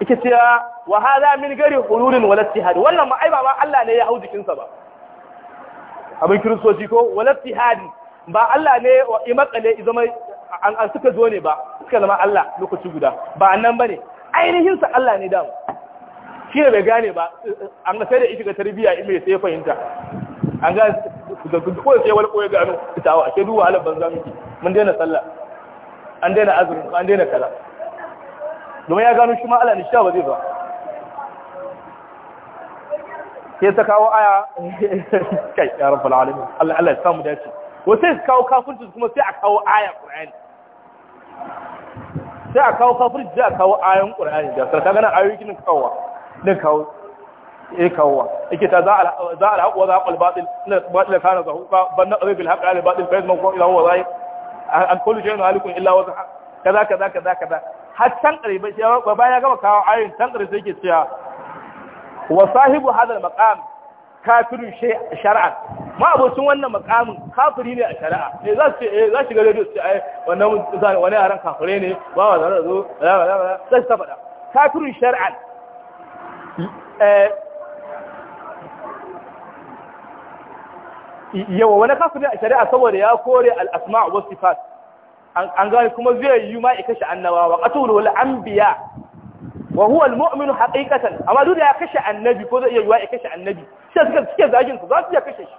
ike cewa wa za min gari hulurin wala hadi? wannan ma ai ba Allah ne ya hau jikinsa ba abin kiristoci ko wala hadi? ba Allah ne wa matsale zama an suka zo ne ba suka zama Allah lokaci guda ba annan ne. ainihin sa Allah ne dama shi ne bai gane ba an ga sai da ita ga tarbiyya in mai sai fahimta an ga da ko sai wani koyi gano ita wa ke duwa halar banza miki mun daina sallah an daina azumi an daina kaza domin ya gano shi ma Allah ne shi ba zai ba Ke ta kawo aya kai ya rabbal alamin Allah Allah ya samu dace ko sai su kawo kafirci kuma sai a kawo aya Qur'ani sai a kawo kafir sai a kawo ayon qur'ani da sarka gana ayoyi kin kawo din kawo eh kawo yake ta za al za al haqq wa za al batil na batil kana zahuqa ban na qabil haqq al batil fa yasmu ila huwa zai an kullu shay'in halikun illa wa kaza kaza kaza kaza har can ƙarfi ba bayan ya gama kawo ayoyin can ƙarfi sai yake cewa wa sahibu hadal maqam kafirin shari'a ma abocin wannan makamin kafiri ne a shari'a ne za su ce eh, za shiga rediyo su ce ai wannan wani yaran kafirai ne ba wa zarar zo za su faɗa. kafirin shari'a eh, yawa wani kafirin a shari'a saboda ya kore al'asma wasu sifat an gani kuma zai yi ma ya kashe annabawa qatulu wal biya. wa huwa almu'minu haqiqatan amma duk da ya kashe annabi ko zai iya yiwa ya kashe annabi sai suka suke zagin su za su iya kashe shi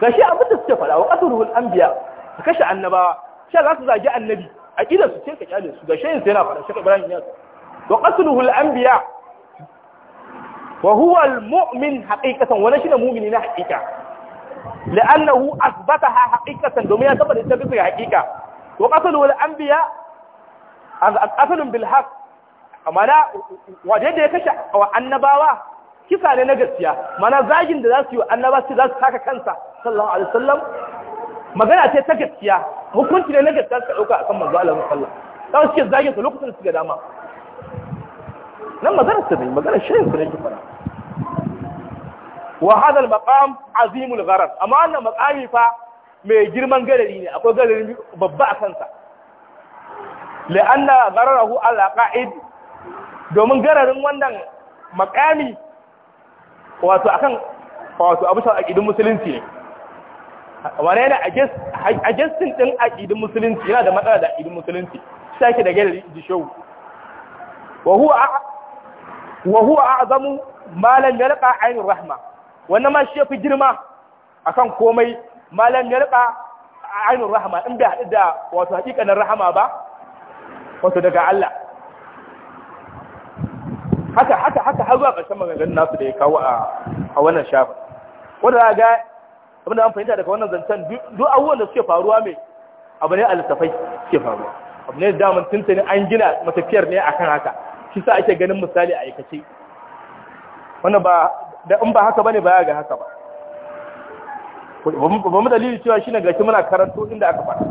gashi abin da suke faɗa wa qatluhul anbiya su kashe annabawa sai za su zagi annabi aqida su ce ka kyale su gashi yin sai na faɗa shaka ibrahim ya wa qatluhul anbiya wa huwa almu'min haqiqatan wala shi ne mu'mini na haqiqa la'annahu asbataha haqiqatan domin ya tabbata ita bisa haqiqa wa qatluhul anbiya asalun bil haqq amana wajen da ya kashe wa annabawa kisa ne na gaskiya mana zagin da za su yi annaba su za su taka kansa sallallahu alaihi wasallam magana ce ta gaskiya hukunci ne na gaskiya suka dauka akan manzo Allah sallallahu alaihi suke zagin sa lokacin su ga dama nan magana ta magana shirin su ne ke fara wa hadal maqam azimul gharar amma wannan maqami fa mai girman gadari ne akwai gadari babba a kansa la'anna ghararahu ala qa'id domin gararin wannan makami wato akan wato abu sa aƙidin musulunci ne wani yana agestin ɗin aƙidin musulunci yana da matsala da aƙidin musulunci sake da gari da shi wahu a azamu malam ya riƙa ainihin rahma wannan ma shi ya fi girma a kan komai malam ya riƙa ainihin rahma in bai haɗu da wato haƙiƙanin rahama ba wato daga Allah haka haka haka har zuwa ƙarshen maganganun nasu da ya kawo a wannan shafin wanda za ga abin da an fahimta daga wannan zancen duk abubuwan da suke faruwa mai abu ne a littafai suke faruwa abu ne da daman tuntuni an gina matafiyar ne a kan haka shi sa ake ganin misali a aikace wannan ba da in ba haka ne ba ya ga haka ba ba mu dalili cewa ga gashi muna karanto inda aka fara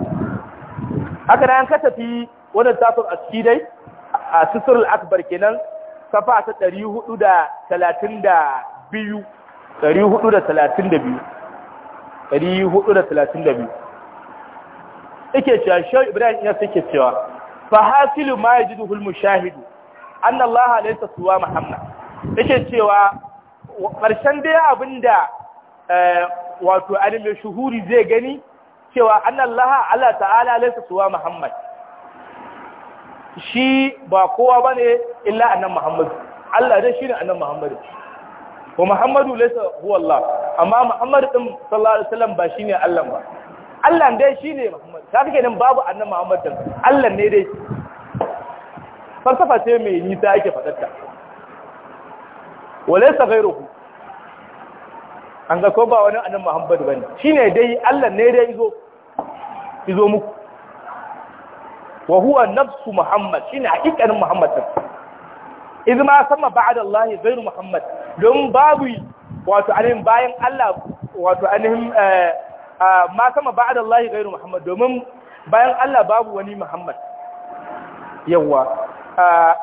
haka da an ka tafi wannan tafsir a cikin dai a sisrul akbar kenan safa ta 432 432 biyu. yake cewa shehu ibrahim ya suke cewa fa hasilu ma yajiduhu al-mushahidu anna allaha laysa suwa muhammad yake cewa karshen dai abinda eh, wato anil shuhuri zai gani cewa anna allaha ala ta'ala laysa suwa muhammad shi ba kowa ba ne illa annan muhammadu Allah dai shi ne annan muhammadu wa muhammadu laisa huwa Allah amma muhammadu ɗin sallallahu alaihi wasallam ba shi ne Allah ba Allah dai shi ne muhammadu ta kake nan babu annan muhammadu Allah ne dai falsafa ce mai nisa ake fadarta wa laisa ghairuhu an ga ko ba wani annan muhammadu ba ne? shi ne dai Allah ne dai izo izo muku wa huwa nafsu muhammad shine hakikanin muhammad idh ma sama ba'da allah ghayru muhammad don babu wato anin bayan allah wato anin eh, eh, ma sama ba'da allah muhammad domin bayan allah babu wani muhammad yawa eh,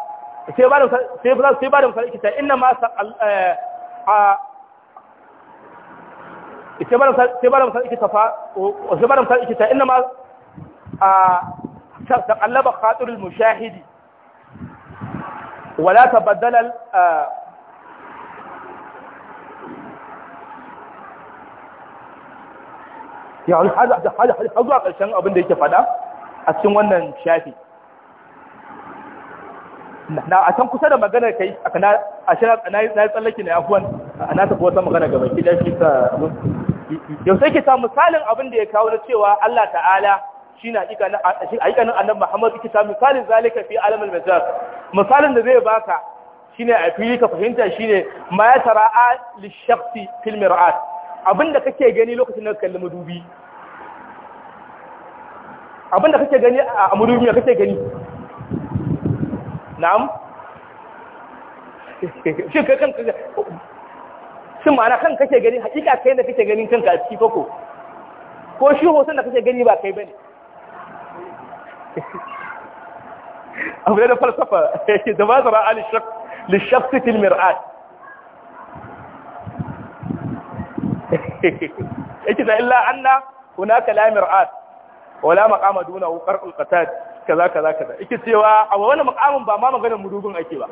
sai ba da sai ba da misali sai ba da sai ba da a تقلب خاطر المشاهد ولا تبدل yawon har zuwa ƙarshen abin da yake fada a cikin wannan shafi na a can kusa da maganar kai a kana a shi na yi tsallaki na yafuwan a na tafi wata magana gaba ki dashi ta yau sai ke ta misalin abin da ya kawo na cewa Allah ta'ala shine hakikanin hakikanin annabi Muhammad yake sa misalin zalika fi alamul majaz misalin da zai baka shine a fili ka fahimta shine ma ya tara'a li shakhsi fil mir'at abinda kake gani lokacin da kalli madubi abinda kake gani a madubi kake gani na'am shi kai kanka shin ma'ana kan kake gani hakika kai da kake ganin kanka a cikin koko ko shi hoton da kake gani ba kai bane abu ne da falsafa da ba zara lishaksitin mir'ad yake da illa an na kuna la mir'ad wala maqama duna qarqul qatad kaza kaza kaza yake cewa a wani maqamin ba ma maganar mudugun ake ba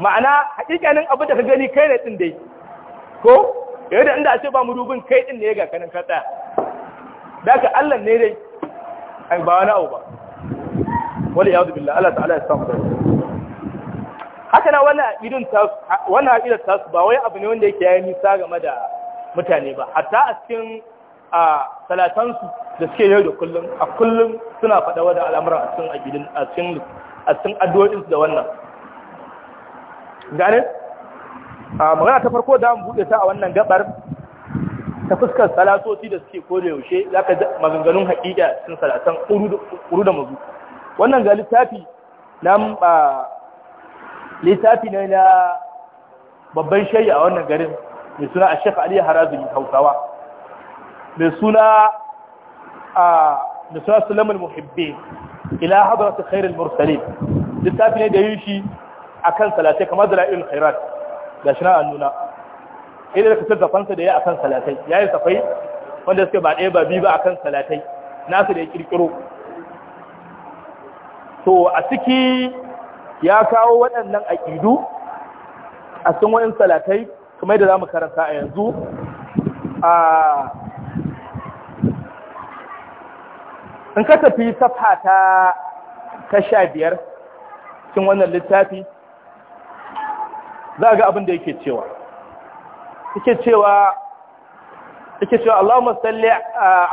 ma'ana hakikanin abu da ka gani kai ne din dai ko yadda inda a ce ba mudugun kai ɗin ne ga kanin ka tsaya ka Allah ne dai ai ba wani abu ba wani yawon billah Allah ta'ala ya samu dai haka na wani aƙidun tasu wannan ba wai abu ne wanda yake yayi nisa game da mutane ba hatta a cikin a salatansu da suke yau da kullum a kullum suna faɗa wa da al'amuran a cikin addu'o'insu da wannan gane magana ta farko da mu buɗe ta a wannan gabar ta fuskar salatoci da suke ko da yaushe za ka maganganun haƙiƙa sun salatan ƙuru da mazu wannan ga littafi na ba littafi ne na babban shayi a wannan garin mai suna a shekha aliyu harazumi hausawa mai suna a mai suna sulamun muhibbe ila hadarata khairul mursale littafi ne da yin shi kan salatai kamar da la'ilul khairat ga shi na nuna inda ka tsada fansa da ya akan salatai Ya yi safai wanda suke ba ɗaya ba biyu ba akan salatai nasu da ya kirkiro to a ciki ya kawo waɗannan aƙidu a cikin wani salatai kuma yadda za mu karanta a yanzu a in ka tafi safa ta ta sha biyar cikin wannan littafi za a ga abin da yake cewa yake cewa yake cewa Allahumma salli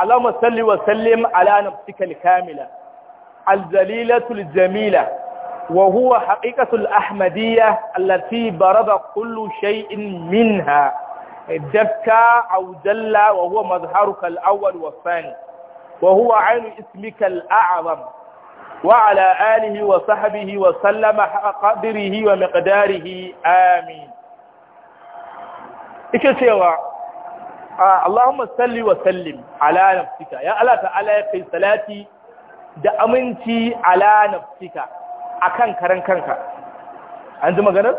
Allahumma salli wa sallim ala nafsika al-kamila al-zalilatu al-jamila wa huwa haqiqatu al-ahmadiyya allati barada kullu shay'in minha dafka aw jalla wa huwa madhharuka al-awwal wa thani wa huwa 'ainu ismika al-a'zam وعلى آله وصحبه وسلم حق قدره ومقداره آمين ike cewa Allahumma salli wa sallim ala nafsika ya Allah ta'ala ya kai salati da aminci ala nafsika akan karan kanka an ji magana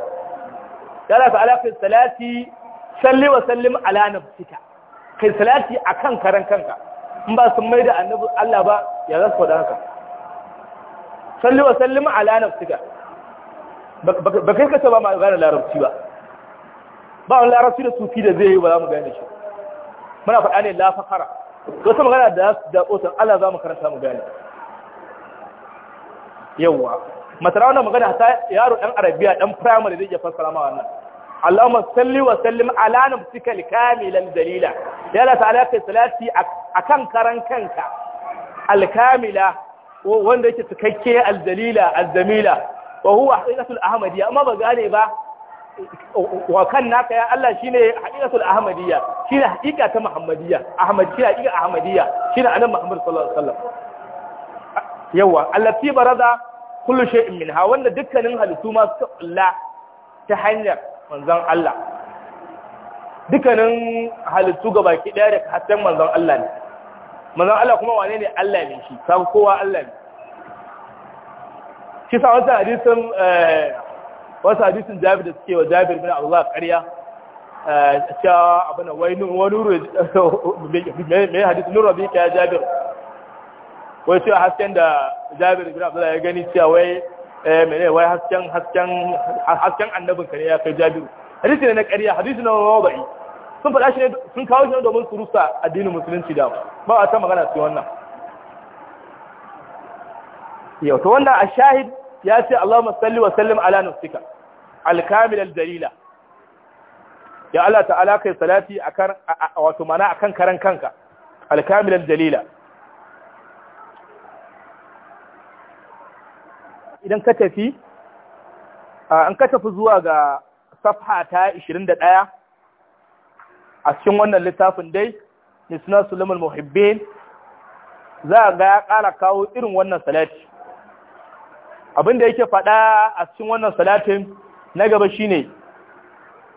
ya Allah ta'ala kai salati salli wa sallim ala nafsika kai salati akan karan kanka in ba sun mai da annabi Allah ba ya za su haka salli wa sallim ala nafsika ba kai kace ba magana gane larabci ba ba wani larasu da sufi da zai yi ba za mu gane shi muna faɗa ne la fakara wasu magana da da otan Allah za mu karanta mu gane yauwa matara wannan magana ta yaro ɗan arabiya ɗan primary zai yi fassara ma wannan Allahumma salli wa sallim ala nafsika al kamilan dalila ya la ta'ala kai salati akan karan kanka al-kamila wanda yake cikakke al-dalila al-zamila wa huwa haqiqatul ahmadiyya amma ba gane ba wa kan naka ya Allah shine haqiqatul ahmadiyya shine haqiqa ta muhammadiyya ahmad shine haqiqa ahmadiyya shine annabi muhammad sallallahu alaihi wasallam yawa allati barada kullu shay'in minha wanda dukkanin halittu ma suka kulla ta hanyar manzon Allah dukkanin halittu baki daya da hasan manzon Allah ne manzon Allah kuma wane ne Allah ne shi Sabu kowa Allah ne shi sa wannan hadisin eh, wasu hadisin jabir da suke wa jabir bin abdullah ƙarya eh, cewa abin wai wani mai hadisi nuru abin ya jabir wai cewa hasken da jabir bin abdullah ya gani cewa wai eh, mene wai hasken hasken hasken annabin kare ya kai jabiru hadisi ne na ƙarya hadisi na wabai sun faɗa shi ne sun kawo shi ne domin su rusa addinin musulunci da ba a ta magana su wannan yau to wanda a shahid ya ce Allahumma salli wa sallim ala nafsika al-kamil al-dalila ya Allah ta'ala kai salati akan wato mana akan karan kanka al-kamil al-dalila idan ka tafi an ka tafi zuwa ga safha ta 21 a cikin wannan littafin dai nisna sulamul muhibbin za ga ya ƙara kawo irin wannan salati abinda yake faɗa a cikin wannan salatin na gaba shine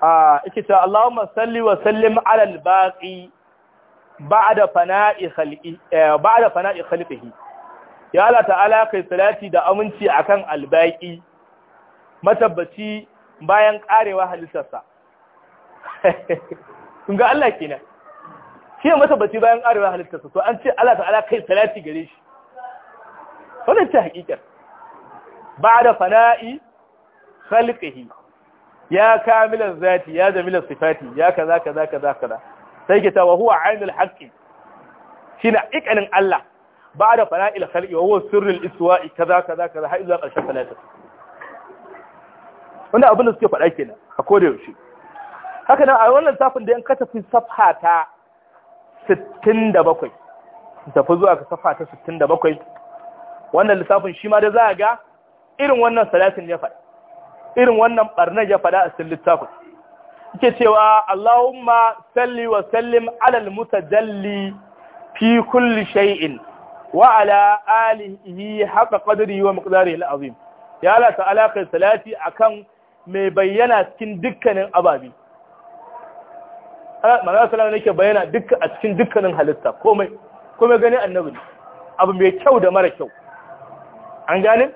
a yake ta Allahumma salli wa sallim ala al-baqi ba'da fana'i khalqi eh, ba'da fana'i khalqihi ya Allah ta'ala kai salati da aminci akan al-baqi matabbaci bayan karewa halittarsa kun ga Allah kenan shi matabbaci bayan karewa halittarsa to an ce Allah ta'ala kai salati gare shi wannan ce hakikar da fana'i khalqihi ya kamilan zati ya jamilan sifati ya kaza kaza kaza kaza sai kita wa huwa ainul shi na ikanin Allah ba'da fana'il khalqi wa huwa sirrul iswa'i kaza kaza kaza har zuwa ƙarshen salatu wanda abin da suke faɗa kenan a koda yaushe haka nan a wannan safin da yan ka tafi safha ta 67 tafi zuwa ka safha ta 67 wannan lissafin shi ma da za a ga irin wannan salatin ya faɗa irin wannan ɓarnar ya faɗa a cikin littafin yake cewa Allahumma salli wa sallim alal mutajalli fi kulli shay'in wa ala alihi haka qadri wa miqdari al-azim ya Allah ta kai salati akan mai bayyana cikin dukkanin ababi Allah sallallahu alaihi bayyana dukkan a cikin dukkanin halitta komai komai gani annabi abu mai kyau da mara kyau an gane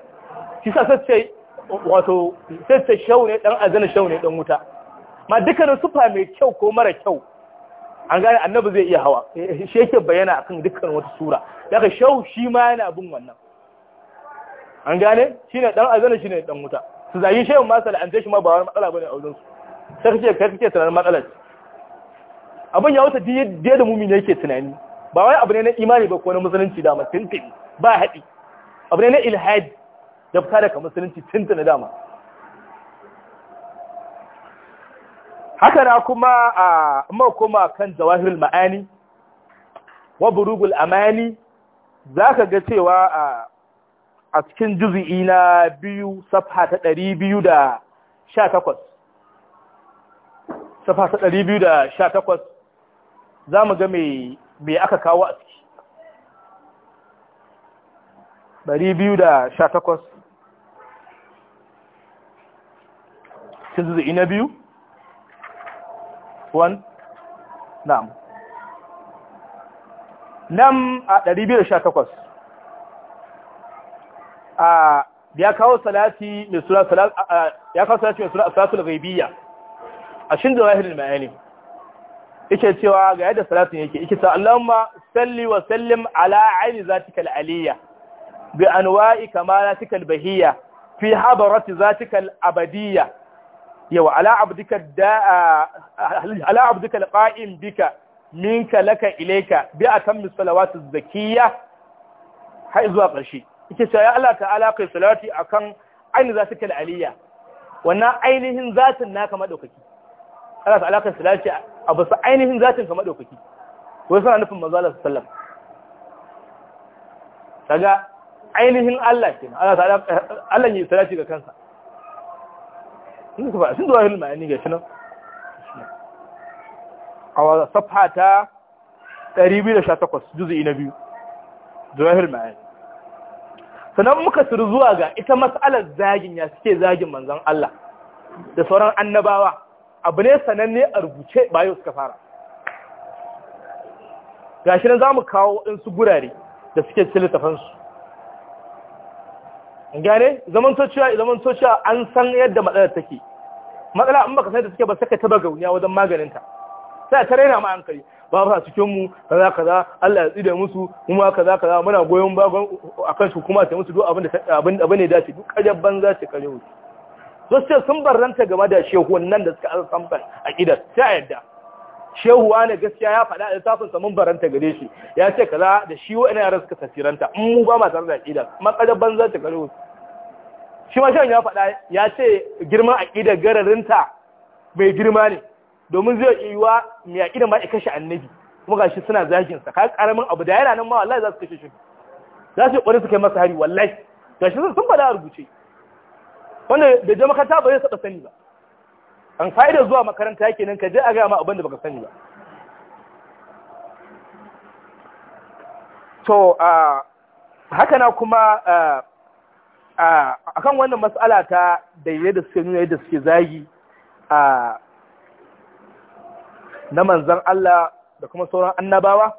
Kisa sace wato sace shau ne dan azana shau ne dan wuta ma dukkanin sufa mai kyau ko mara kyau an gane annabi zai iya hawa eh, shi yake bayyana akan dukkan wata sura daga shau shi ma yana bin wannan an gane shi ne dan azana shi ne dan wuta su zagi shehu an je shi ma ba wani matsala bane a wajen su sai kace kai kake tunanin matsalar ce abin ya wuce diye da mumini yake tunani ba wai abu ne na imani ba ko na musulunci da mutunci ba haɗi abu ne na ilhadi ya fita daga musulunci na dama haka na kuma a makoma kan zawahirul ma'ani wa burugul amani za ka ga cewa a cikin juzi'i na biyu safa ta ɗari biyu da sha takwas, safa ta ɗari biyu da sha takwas, za mu ga me aka kawo a ciki takwas. cikin zuzi na biyu wan na'am nan a 218 a ya kawo salati mai sura ya kawo salati mai sura salatul ghaibiyya a shin da wahidul ma'ani yake cewa ga yadda salatin yake yake ta Allahumma salli wa sallim ala aini zatika al-aliyya bi anwa'i kamalatika al-bahiyya fi hadarati zatika al-abadiyya yawa ala abdika da ah, ala abdika alqa'im bika minka laka ilayka bi atammi salawatu zakiya. har zuwa ƙarshe yake cewa ya Allah ta'ala kai salati akan ainihin za su kal aliyya wannan ainihin zatin naka madaukaki Allah ta'ala kai salati a basu ainihin zatin kama ɗaukaki. wai suna nufin manzo Allah sallallahu Daga ainihin Allah kenan Allah ta'ala eh, Allah ya salati ga kansa sun ka sun zuwa hilma ne ga nan? a safha ta 218 juzu'i na biyu zuwa hilma ya sannan muka suru zuwa ga ita mas'alar zagin ya suke zagin manzan Allah da sauran annabawa abu ne sananne a rubuce bayo suka fara Ga shi nan za mu kawo waɗansu gurare da suke cikin littafansu gane zaman tociya zaman tociya an san yadda matsalar take matsala in baka san da take ba saka taba gauniya wajen maganin ta sai ta raina ma hankali ba ba cikin mu kaza kaza Allah ya tsida musu kuma kaza kaza muna goyon bagon akan su kuma sai musu duk abin da abin da ne dace duk kajar banza ce kare su so sai sun barranta gaba da shehu nan da suka azan samban akidar sai yadda shehu wani gaskiya ya faɗa da tafin sa mun barranta gare shi ya ce kaza da shi wa'ina yaran suka tafsiranta in mu ba ma tare da akidar ma kajar banza ce kare wuce shi ma shan ya faɗa ya ce girman da gararinta mai girma ne domin zai yi yiwuwa mai aƙida ma ya kashe annabi kuma ga shi suna zagin sa kai karamin abu da yana nan ma wallahi za su kashe shi za su ƙwari su kai masa hari wallahi ga shi sun faɗa a rubuce wanda da je makaranta ba zai saba sani ba an fa'ida zuwa makaranta yake nan ka je a gaya ma abin da baka sani ba to a haka na kuma a kan wannan matsala ta daidai da suke nuna yadda suke zagi a na manzan Allah da kuma sauran annabawa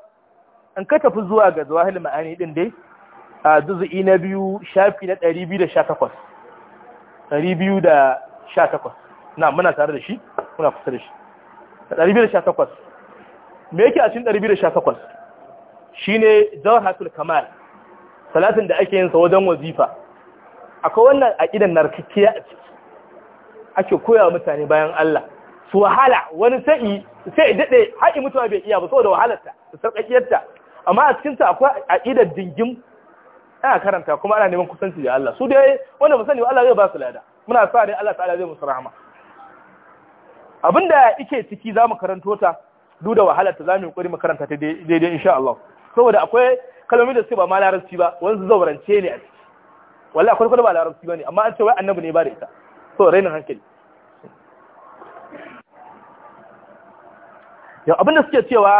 an ka tafi zuwa ga hali ma'ani din dai a juzu'i na biyu shafi na 218 218 na muna tare da shi muna kusa da shi 218 me yake a cikin 218 shine hasul kamal salatin da ake yin sa wajen wazifa akwai wannan aƙidan narkakkiya a ciki ake koya mutane bayan Allah su wahala wani sai sai daɗe haƙi mutuwa bai iya ba saboda wahalarta da sarƙaƙiyarta amma a cikinta akwai aƙidar dingim ana karanta kuma ana neman kusanci da Allah su dai wanda musani Allah zai ba su lada muna sa ne Allah ta'ala zai musu rahama abinda yake ciki zamu karanto ta duk da wahalarta zamu yi kokari mu karanta ta daidai insha Allah saboda akwai kalmomi da su ba ma larabci ba wanzu zaurance ne a ciki wallahi akwai kwalba larabci bane amma an ce wai annabi ne ba da ita so rainin hankali yau abinda suke cewa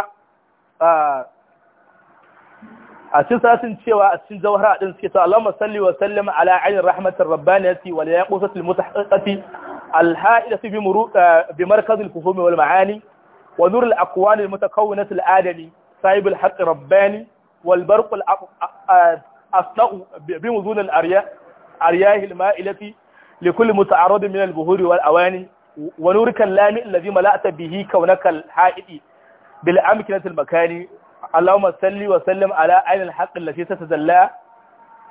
a cikin sasin cewa a cikin jawhara din suke cewa Allahumma salli wa sallim ala ainin rahmatir rabbaniyati wal yaqusatil mutahaqqiqati al ha'ilati bi muruq bi markaz al fuhum wal ma'ani wa nur al aqwan al mutakawwinat al adami sahib al haqq rabbani wal barq al أصنع بمذون الأرياء أرياه المائلة لكل متعرض من البهور والأواني ونورك اللامئ الذي ملأت به كونك الحائط بالأمكنة المكان اللهم صل وسلم على عين الحق التي تتجلى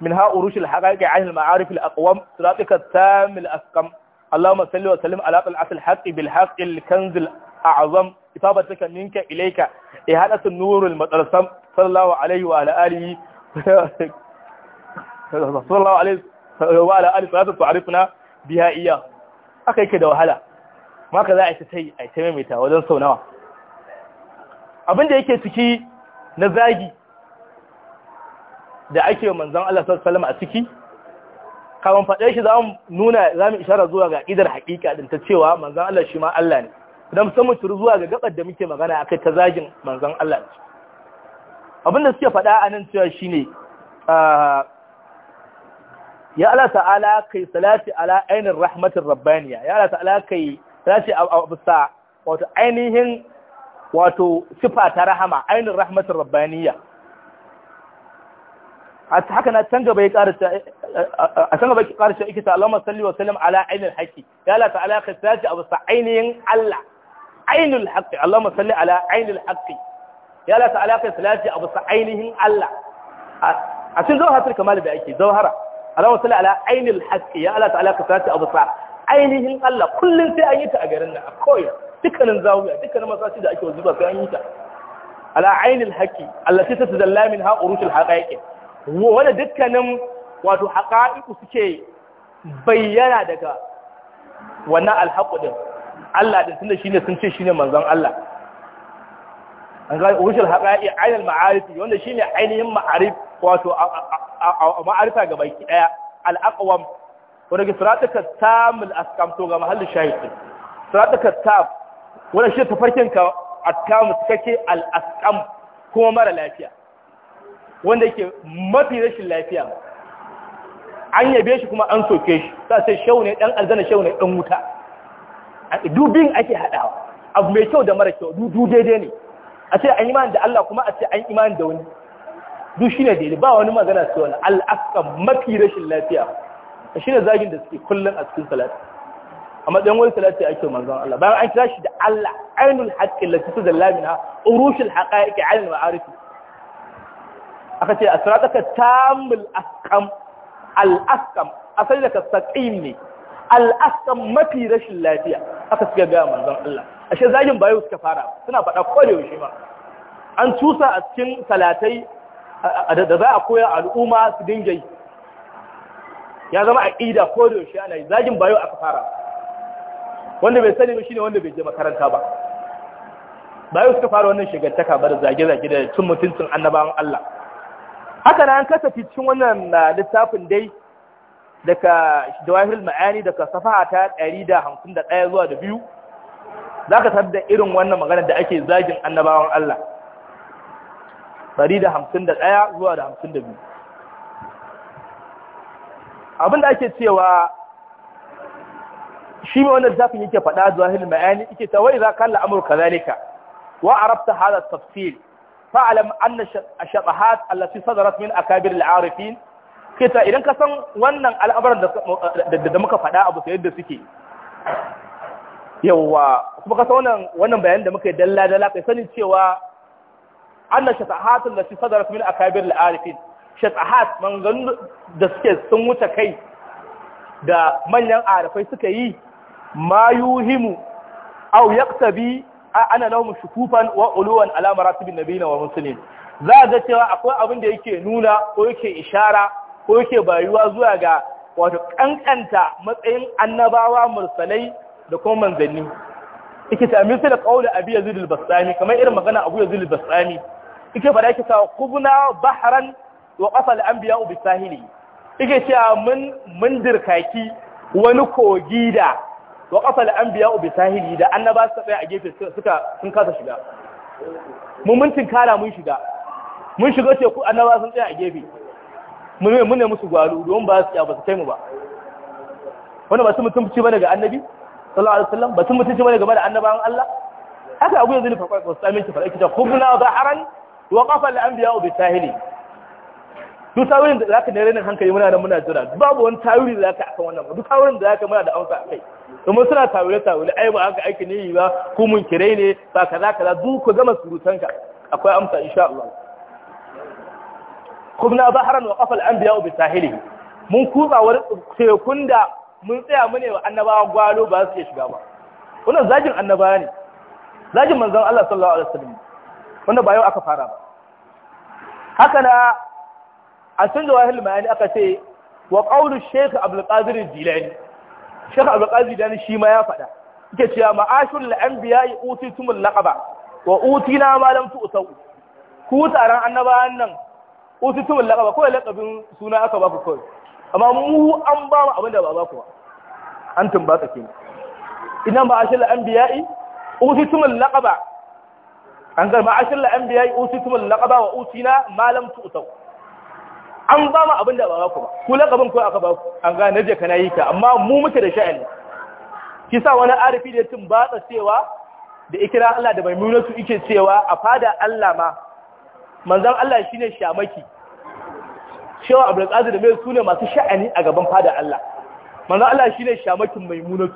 منها أروش الحقائق عن المعارف الأقوام صراطك التام الأسقم اللهم صل وسلم على قلعة الحق بالحق الكنز الأعظم إصابتك منك إليك إهالة النور المترسم صلى الله عليه وعلى آله sallallahu alaihi wa ala alihi salatu ta'rifuna biha iya aka yake da wahala maka za a yi sai a yi maimaita wajen sau nawa abin da yake ciki na zagi da ake manzon Allah sallallahu alaihi a ciki kawon faɗe shi za mu nuna za mu ishara zuwa ga idar haƙiƙa din ta cewa manzon Allah shi ma Allah ne don samun turu zuwa ga gabar da muke magana akai ta zagin manzon Allah ne abin da suke faɗa a nan cewa shi shine ah, ya Allah ta'ala kai salati ala ainin rahmatin rabbaniya ya Allah ta'ala kai salati a bisa wato ainihin wato sifa ta rahama ainin rahmatin rabbaniya haka na can gaba ya karasa a can gaba ya karasa yake ta Allahumma salli wa sallim ala ainil haqqi ya Allah ta'ala kai salati a bisa ainihin Allah ainul haqqi Allahumma salli ala ainil haqqi ya Allah ta'ala kai salati a bisa ainihin Allah a cikin zawhatul kamal da ake zawhara Allahumma salli ala ainil haqqi ya ala ta'ala ka sati abu sa ainihin Allah kullum sai an yi ta a garin nan a koyi dukkanin zawiya dukkanin masashi da ake wasu wazifa sai an yi ta ala Allah ta haqqi allati tatadalla minha urushul haqaiq wanda dukkanin wato haqaiqu suke bayyana daga wannan alhaqu din Allah din tunda shine sun ce shine manzon Allah an ga urushul haqaiq ainil ma'arifi wanda shine ainihin ma'arif wato ma'arifa ga baki daya al-aqwam wa daga siratuka tam al-askam to ga mahallin shahid siratuka tam wannan shi tafarkin ka atkamu kake al-askam kuma mara lafiya wanda yake mafi rashin lafiya an yabe shi kuma an soke shi sai sai shau ne dan alzana shau ne dan wuta dubin ake hadawa abu mai kyau da mara kyau du daidai ne a ce an imani da Allah kuma a ce an imani da wani duk shi ne daidai ba wani magana wani al'aska mafi rashin lafiya a shi ne zagin da suke kullum a cikin salati a matsayin wani salati ake manzon Allah bayan an kira shi da Allah haƙƙin ainul haqqi lati tudalla minha urushul haqaiqi ainul ma'arifi aka ce asrataka tamul asqam al asqam asali daga saqim ne al asqam mafi rashin lafiya aka suka gaya manzon Allah ashe zagin bayo suka fara suna faɗa kodewa shi ma an tusa a cikin salatai da za a koya al'umma su dinga ya zama a ƙida ko da yaushe ana yi zagin bayo aka fara wanda bai sani ba shine wanda bai je makaranta ba bayo suka fara wannan shigantaka da zage zage da cin mutuncin annabawan Allah haka na an kasa cikin wannan littafin dai daga dawahil ma'ani daga safaha ta 151 zuwa da biyu Za zaka da irin wannan magana da ake zagin annabawan Allah 151 zuwa da 52 abinda ake cewa shi mai wannan zafin yake faɗa zuwahil ma'ani yake ta wai za ka la amurka zalika wa arabta hada tafsir fa'alam anna shabahat allati sadarat min akabir al'arifin kita idan ka san wannan al'amuran da muka faɗa abu sai yadda suke yawa kuma ka san wannan bayanin da muka yi dalla dalla kai sanin cewa anna shatahatul sadar sadarat min akabir al-arifin shatahat manzon da suke sun wuce kai da manyan arifai suka yi ma au aw yaqtabi ana lahum shukufan wa uluwan na maratibin na wa musulmi za a ga cewa akwai abin da yake nuna ko yake ishara ko yake bayuwa zuwa ga wato ƙanƙanta matsayin annabawa mursalai da kuma manzanni ikita ta da ƙaunar abi kamar irin magana abu yazid al ike fada yake cewa kubna bahran wa qafa al-anbiya bi sahili ike cewa ah, mun mun dirkaki wani kogi da wa qafa al-anbiya bi sahili da annaba su tsaya a gefe suka sun kasa shiga mun mun kala mun shiga mun shiga ce ku annaba sun tsaya a gefe mun ne mun ne musu gwalu don ba su ba su kai mu ba wannan ba su ci bane ga annabi sallallahu alaihi wasallam ba su ci ba ga annabawan Allah haka abu yanzu ne fa sai wasu ci fara ikita kubna baharan. wa kafa al-anbiya bi sahili duk tawirin da zaka dare nan hankali muna da muna jira babu wani tawiri da zaka akan wannan duk tawirin da zaka muna da amsa kai, domin suna tawile tawile ai ba haka aiki ne ba ku mun kirai ne ba kaza kaza duk ku gama ka, akwai amsa insha Allah kubna bahran wa qafa al-anbiya bi sahili mun kuba wani tekun da mun tsaya mune wa annabawa gwalo ba su iya shiga ba wannan zagin annabawa ne zagin manzon Allah sallallahu alaihi wasallam wanda ba yau aka fara ba haka na a cikin jawahir bayani aka ce wa qawlu sheikh abdul qadir jilani sheikh abdul qadir jilani shi ma ya faɗa yake cewa ma'ashul anbiya'i utitumul laqaba wa utina ma lam tu'tau ku taran annabawan nan utitumul laqaba ko laqabin suna aka ba ku kawai amma mu an ba mu abin da ba ba ku an tumbaka kenan idan ma'ashul anbiya'i utitumul laqaba an zarma ashir la'an biya yi usi tumul laƙaba wa usi na malam tutau an ba mu abin da ba ku ba ku laƙabin ku aka ba ku an ga naje kana yi ka amma mu muke da sha'ani Ki sa wani arifi da tun batsa cewa da ikira Allah da munatu ike cewa a fada Allah ma manzon Allah shine shamaki cewa Qadir da mai su masu sha'ani a gaban fada Allah manzon Allah shine shamakin mai munatu.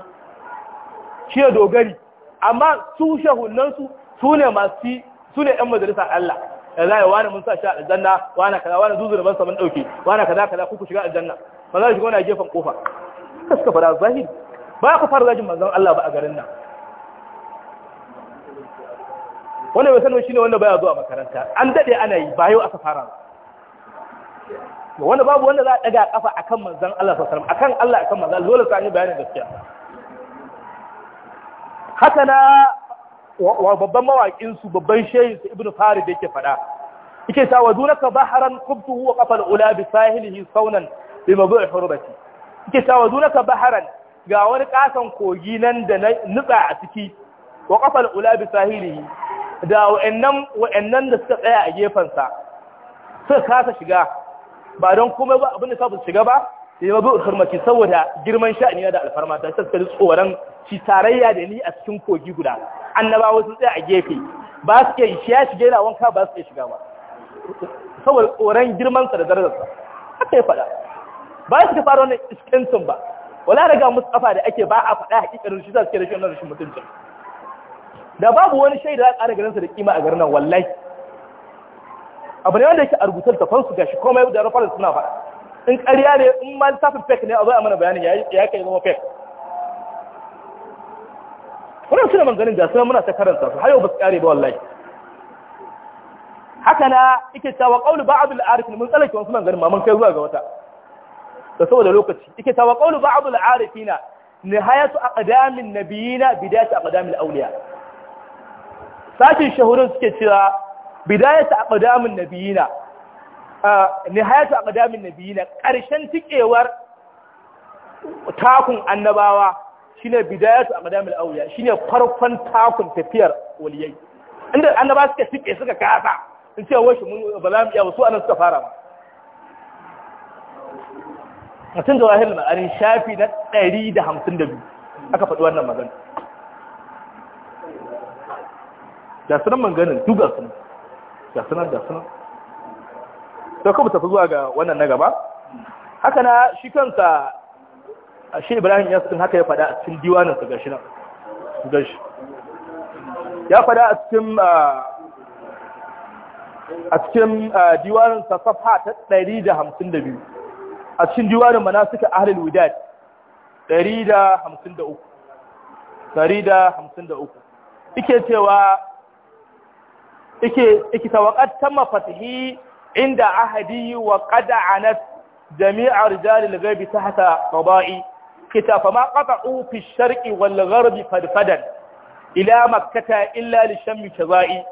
shi dogari amma su shahunnan su su ne masu su ne 'yan majalisar Allah da za a yi wani mun sa shi a aljanna wani kaza wani zuzu da saman mun ɗauke wani kaza kaza ku shiga aljanna ba za su shiga wani gefen kofa ka suka fara zahiri ba ku fara zajin manzan Allah ba a garin nan wanda bai sanar shi ne wanda baya zuwa makaranta an daɗe ana yi ba yau aka fara wanda babu wanda za a ɗaga ƙafa a kan manzan Allah sallallahu alaihi wasallam akan Allah akan manzan. dole sai an yi bayanin gaskiya haka na wa babban mawaƙin su babban shehin su ibnu farid yake fada yake ta wa dunaka baharan qubtuhu wa qafal ula bi sahilihi saunan bi mabu'i hurbati yake ta wa dunaka baharan ga wani kasan kogi nan da nutsa a ciki wa qafal ula bi sahilihi da wa'annan wa'annan da suka tsaya a gefen sa suka kasa shiga ba don kuma ba abin da sa shiga ba sai mabu'i hurmati saboda girman sha'ani da alfarma ta suka tsoran shi tarayya da ni a cikin kogi guda annabawa sun tsaya a gefe ba su ke shiga shige na wanka ba su ke shiga ba saboda tsoron girmansa da darajarsa haka ya faɗa ba su ke fara wani iskancin ba wala daga musu kafa da ake ba a faɗa hakikarin shi za su ke da shi wannan rashin mutuncin da babu wani shaida za a ƙara garinsa da kima a garin nan wallahi abu ne wanda yake a rubutar da su gashi komai da rafar suna faɗa in ƙarya ne in ma lissafin fake ne a zo a mana bayanin ya kai zama fake wannan suna manganin da sai muna ta karanta su har ba su kare ba wallahi haka na ike tawa qawlu ba'd al-arif mun tsallake wasu manganin ma mun kai zuwa ga wata da saboda lokaci ike tawa qawlu ba'd al-arifina nihayatu aqdamin nabiyina bidayatu aqdamil awliya sakin shahurin suke cewa bidayatu aqdamin nabiyina nihayatu aqdamin nabiyina karshen tikewar takun annabawa Shi ne a bidayatu aqdamil Shi ne farkon takun tafiyar waliyai inda annaba suka tike suka kasa in ce wai mun ba za mu iya wasu anan suka fara ba mutum da wahil ma'arin shafi na 152 aka faɗi wannan magana da sunan maganin duk ga sunan ga sunan da sunan sai kuma tafi zuwa ga wannan na gaba haka na shi kansa a ibrahim ya sun haka ya fada a cikin diwaninsa gashi nan gashi ya fada a cikin a cikin diwaninsa safha ta 152 a cikin diwanin manasika ahlul wudad 153 153 ike cewa ike ike tawaqat tamma fatihi inda ahadi wa qad anat jami'a rijalil ghaibi tahta qada'i kita fa ma qata'u fi sharqi wal gharbi fadfadan ila makkata illa li shammi kazai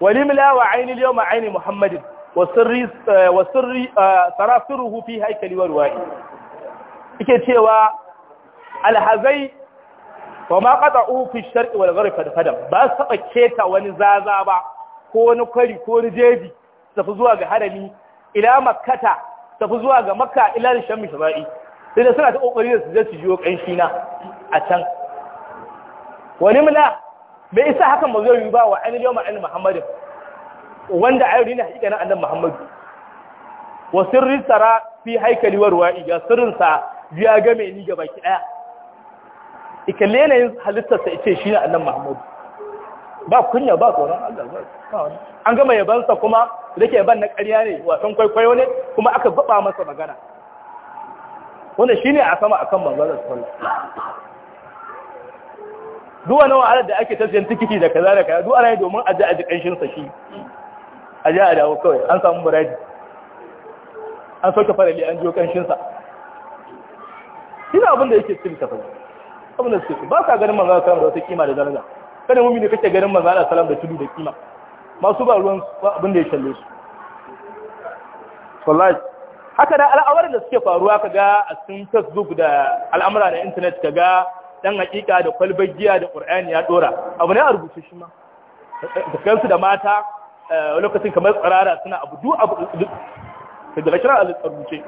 walimla wa aini al-yawma aini muhammadin wa sirri wa sirri sarasiruhu fi haykali wa ruwa'i yake cewa alhazai fa ma qata'u fi sharqi wal gharbi fadfadan ba saba keta wani zaza ba ko wani kwari ko wani jeji tafi zuwa ga harami ila makkata tafi zuwa ga makka ila li shammi kazai sai da suna ta kokari da su je su jiyo kanshi na a can wani mula bai isa hakan ba zai yi ba wa ainihin yawon ainihin Muhammadu, wanda ayyuri na hakika na annan muhammadu wa sirrin tsara fi haikali warwa iya sirrinsa biya game ni gaba ki ɗaya ikalle yanayin halittarsa ita shi na annan muhammadu ba kunya ba tsoron allah ba an gama yabansa kuma da ke ban na karya ne wasan kwaikwayo ne kuma aka baba masa magana wanda shine a sama a kan manzon sallallahu duwa wani wa'alar da ake tasirin tikiti da kaza da kaya? duwa na yi domin a ji a ji kanshin sashi shi a ji a dawo kawai an samu muradi an soke farali an jiyo kanshin sa ina abin da yake cikin tafai abin da suke ba sa ganin manzon Salam da wata kima da daraja kada mummi ne kake ganin manzon Salam da tudu da kima masu ba ruwan abin da ya shalle su wallahi haka da al'awar da suke faruwa kaga a cikin facebook da al'amura da internet kaga dan hakika da kwalbar giya da qur'ani ya dora abu ne a rubuce shi ma kansu da mata eh, lokacin kamar tsarara suna abu du abu da shi na a rubuce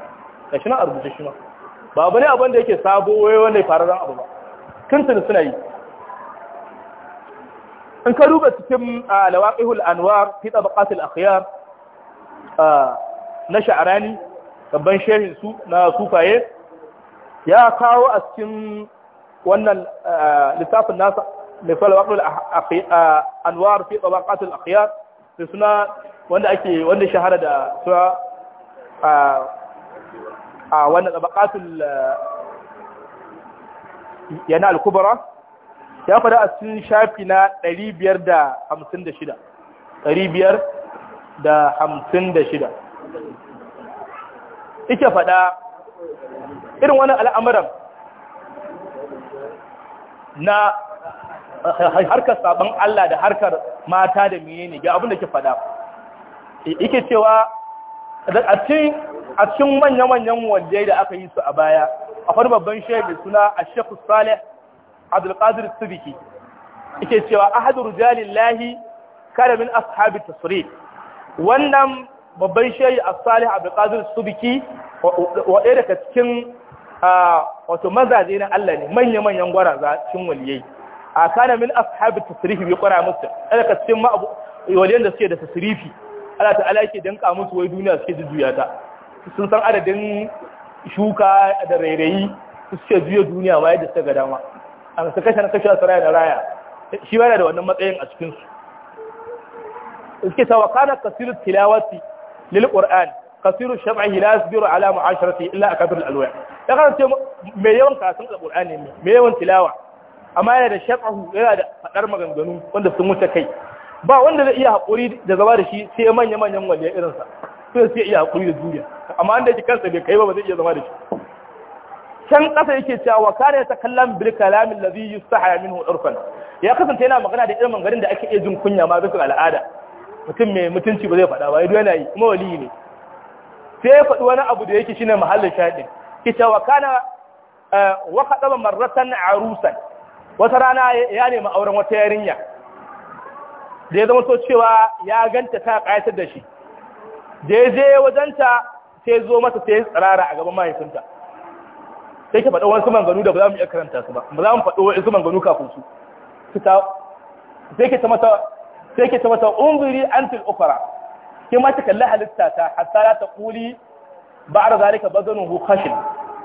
da shi na a rubuce shi ma ba abu ne abin da yake sabo wai wanda ya fararan abu ba kansu suna yi in ka duba cikin ah, lawaqihul anwar fi tabaqatil akhyar ah, na sha'arani babban shehin su na sufaye ya kawo a cikin wannan eh, littafin nasa mai falwaqul eh, anwar fi tabaqat al akhyar da suna wanda ake wanda shahara da suna eh, a wannan tabaqat al yana al ya fada a cikin shafi na 556 556 ike faɗa irin wani al'amuran na harkar sabon Allah da harkar mata da miye ne ga abin da ke faɗa ike cewa a cikin manya-manyan wajen da aka yi su a baya a wani babban shege suna a shekhu salih abdulkadir subiki ike cewa ahadu rujalillahi min ashabi tasiri wannan babban a as-salih abu qadir subki wa ɗaya daga cikin wato mazaje na Allah ne manya manyan gwaraza cin waliyai a kana min ashabi tasirifi bai kwara musu ɗaya daga cikin waliyan da suke da ala ta ta'ala yake danka musu wai duniya suke jujjuya ta sun san adadin shuka da rairayi suke juya duniya ma yadda suka ga dama a su kashe na kashe wasu raya da raya shi yana da wannan matsayin a cikinsu suke cewa kana kasiru tilawati lil qur'an kasiru shab'i la yasbiru ala mu'asharati illa akathur alwa ya ce mai yawan karatun alqur'ani ne mai yawan tilawa amma yana da shab'u yana da fadar maganganu wanda sun wuce kai ba wanda zai iya haƙuri da zama da shi sai manya manyan irin sa, sai sai iya haƙuri da juriya amma an da yake kansa bai kai ba ba zai iya zama da shi can ƙasa yake cewa kana ta kallan bil kalamin ladhi yustaha minhu urfan ya kasance yana magana da irin mangarin da ake iya jin kunya ma bisa al'ada mutum mai mutunci ba zai faɗa ba yana yi kuma wali ne sai ya faɗi wani abu da yake shine mahallin shaɗin ita wa kana eh, wa kaɗaba marratan arusan wata rana ya nemi auren wata yarinya da ya zama so cewa ya ganta ta ƙayatar da shi da ya je wajenta sai zo masa sai tsirara a gaban mahaifinta sai ke faɗa wasu manganu da ba za mu iya karanta su ba ba za mu faɗo wasu manganu kafin su sai ke ta mata sai ke tabbata unzuri antil ukhra ke ma ta kalli halitta ta hatta la taquli ba'da zalika badanuhu khashin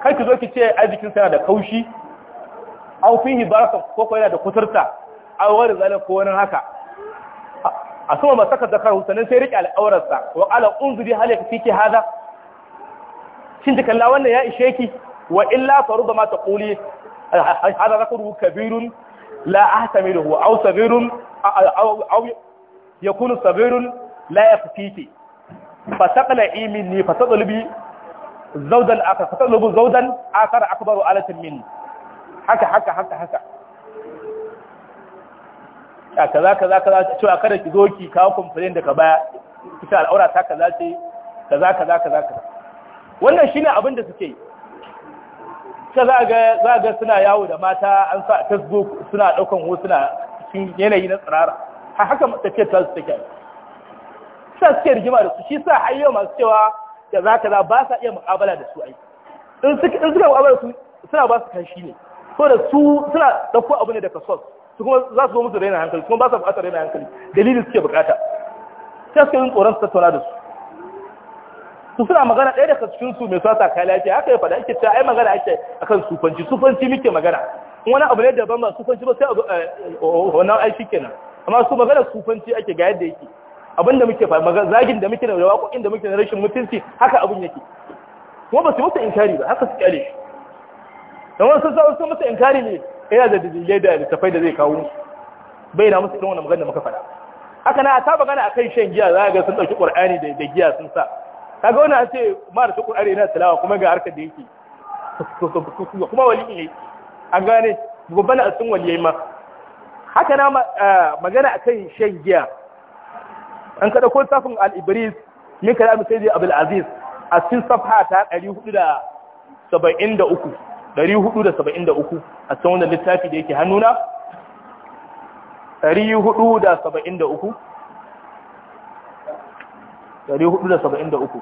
kai ki zo ki ce ai jikin sana da kaushi aw fihi baraka ko ko yana da kuturta aw wani zalika ko wani haka a sama ba saka zakar husanin sai rike al'aurarsa wa qala unzuri hal yakfiki hada shin ta kalla wannan ya ishe ki wa illa faruba ma taquli hada zakaru kabirun la ahtamiluhu aw saghirun aw yakunu saghirun la yafiki fa taqla imini fa tadlubi zawdan akar fa tadlubu zawdan akar akbaru alatin min haka haka haka haka a kaza kaza kaza cewa kada ki zo ki kawo complaint daga baya ita al'aura ta kaza kaza kaza wannan shine abin da suke yi ta za ga ga suna yawo da mata an sa facebook suna daukan hotuna cikin yanayi na tsirara har haka tafiyar ta su take sa suke rigima da su shi sa har masu cewa da za ka za ba sa iya mu'amala da su ai in suka mu'amala su suna ba su kanshi ne so da su suna dauko abu ne daga source su kuma za su zo musu raina hankali kuma ba sa bukatar raina hankali dalilin suke bukata sai suke yin tsoron su tattauna da su su suna magana ɗaya daga cikin su mai sata kai lafiya haka ya faɗa ake ta ai magana ake akan sufanci sufanci muke magana wani abu ne daban ba sufanci ba sai eh, eh, wannan ai kenan amma su magana sufanci ake ga yadda yake abinda muke fa magana zagin da muke da waƙoƙin da muke da rashin mutunci haka abun yake kuma ba su mutu inkari ba haka su kyale da wani sun sun mutu inkari ne yana da dalilai da littafai da zai kawo bai na musu irin wannan magana da muka faɗa haka na ta magana akan shan giya za ga sun ɗauki ƙur'ani da giya sun sa kaga wani a ce mara ta arewa na tilawa kuma ga harkar da yake kuma wali ne A gane gobe na asin waliyai ma haka na magana a kan shan giya an kada ko tafin al min kada amince sai da abul aziz a cikin safha ta 473 473 a cikin wanda littafi da yake hannuna 473 473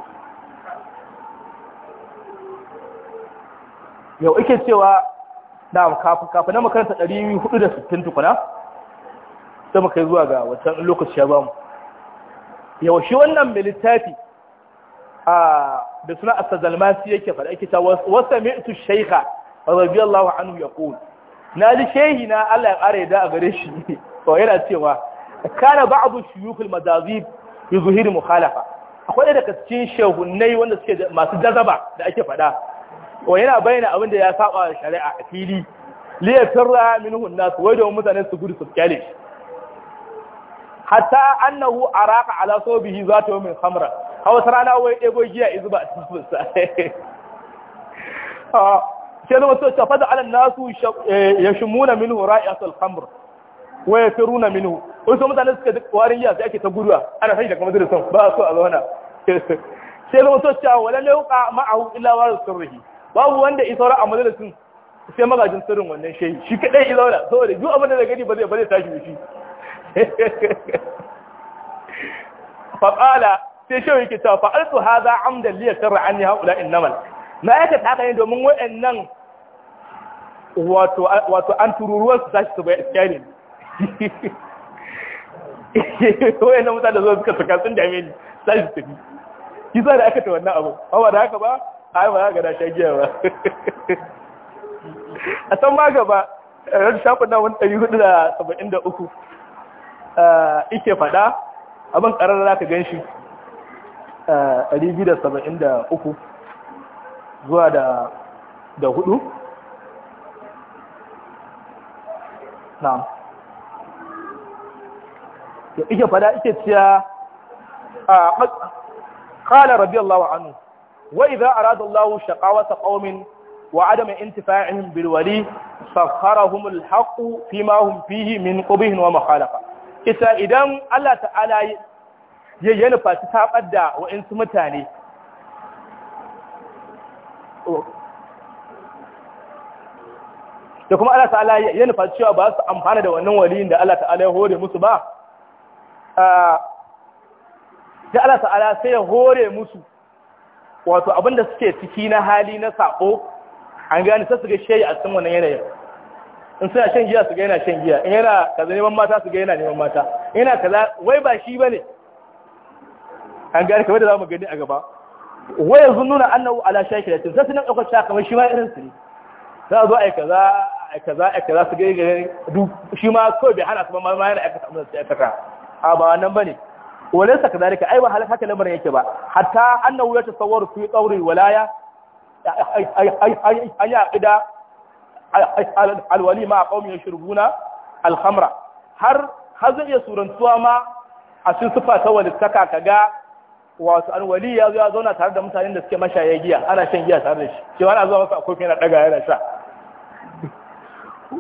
yau ike cewa na kafin na makaranta 460 tukuna sai muka zuwa ga wancan lokaci ya bamu yau shi wannan militafi. littafi a da suna a sazalmasi yake faɗa ake ta wasa mitu shaika radiyallahu anhu ya ƙul na ji shehi na Allah ya ƙara yadda a gare shi to yana cewa kana ba'du shuyukul madazib yuzhiru mukhalafa akwai daga cikin shehunai wanda suke masu jazaba da ake faɗa wa yana bayyana abin da ya saba shari'a a fili liyafirra minhun su, wai domin mutanen su gudu su kyale hatta annahu araka ala sobihi za ta yi min hamra a wasu wai ɗebo giya izu a cikin sa ke ah, zama so ta fada ala nasu eh, ya minhu ra'iyatul hamra wa yasiruna minhu wasu mutane suka duk warin iya sai ake ta guduwa ana sai da kuma dirisan ba su a zauna sai zama so cewa wala lauqa ma'ahu illa wa sirrihi babu wanda ya saura a majalisin sai magajin sirrin wannan shayi. shi kaɗai ya zauna saboda duk abin da zai gani ba zai ba tashi shi faƙala sai shi yake cewa fa'altu haza amdan liya sarra an ya haula in namal na yaka haka ne domin wa'annan wato wato an tururuwar su tashi su bai iskani wayan na mutane zuwa suka saka sun dame ni sai su tafi Ki sa da aka ta wannan abu ba da haka ba yi ba ka da shagiyar ba a san ma gaba ran shafin na wani ɗari hudu da saba'in da uku eh, ike faɗa abin ƙarar za ka gan shi eh, ɗari biyu da saba'in da uku zuwa da hudu na'am to ike fada ike cewa a qala radiyallahu anhu wa idza arada qaumin wa adama intifa'ihim bil wali sakharahum al haqq hum fihi min qubih wa ita idan Allah ta'ala ya yana faci tabar da mutane da kuma Allah ta'ala ya nufa cewa ba su amfana da wannan waliyin da Allah ta'ala ya hore musu ba da Allah ta'ala sai ya hore musu wato abinda suke ciki na hali na sako an gani sai su ga shayi a cikin wannan yanayin in suna shan giya su ga yana shan giya in yana kaza neman mata su ga yana neman mata yana kaza wai ba shi bane an gani kamar da zamu gani a gaba wai yanzu nuna annahu ala shakilatin sai sunan akwai shaka kamar shi ma irin su ne za a zo ai kaza ai kaza ai kaza su ga duk shi ma kawai bai hana su ba ma yana aikata amma sai aikata a ba wannan bane ka kadhalika ai ba haka lamarin yake ba hatta annahu yatasawwaru fi tsauri walaya an yi a ay ma a qawmin yashrubuna alhamra har har zai iya surantuwa ma a cikin sifa ta ka ga wasu an wali ya zo zauna tare da mutanen da suke mashaya giya ana shan giya tare da shi cewa ana zuwa masa a akwai yana daga yana sha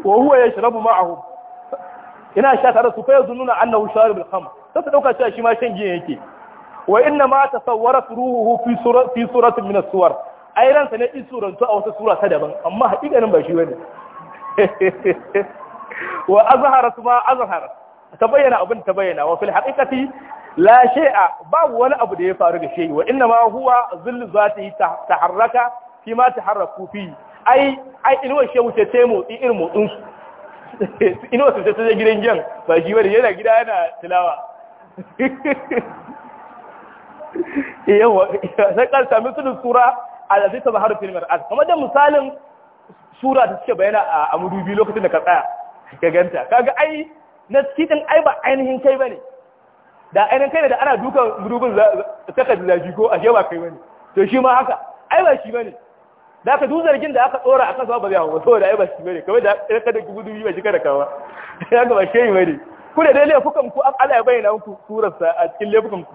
wa huwa yashrabu ma'ahum ina sha tare su fa yazunnuna annahu sharibul khamr sai su dauka cewa shi ma shan giya yake wa inna ma tasawwarat ruhuhu fi surati fi suratin min as-suwar ai ransa ne in surantu a wata sura ta daban amma hakikanin ba shi bane wa azharat ma azhar ta bayyana abin ta bayyana wa fil haqiqati la shay'a babu wani abu da ya faru da shi wa inna ma huwa zillu zati taharraka fi ma taharraku fi ai ai inwa shehu ce temo irin motsin su ina wasu ta je gidan jan ba shi wani yana gida yana tilawa yawa sai kan sami su sura alazai ta zaharu filmar az kamar da misalin sura ta suke bayana a amudubi lokacin da ka tsaya ka ganta kaga ai na cikin ai ba ainihin kai bane da ainihin kai ne da ana dukan mudubin saka zaji ko a ba kai bane to shi ma haka ai ba shi bane da aka duk zargin da aka tsora a kasuwa ba zai hawo saboda ai ba shi bane kamar da ɗan kada ki gudu ba shi da kawa ya ga ba shi bane ku da dai laifukan ku Allah ya bayyana muku surar sa a cikin laifukan ku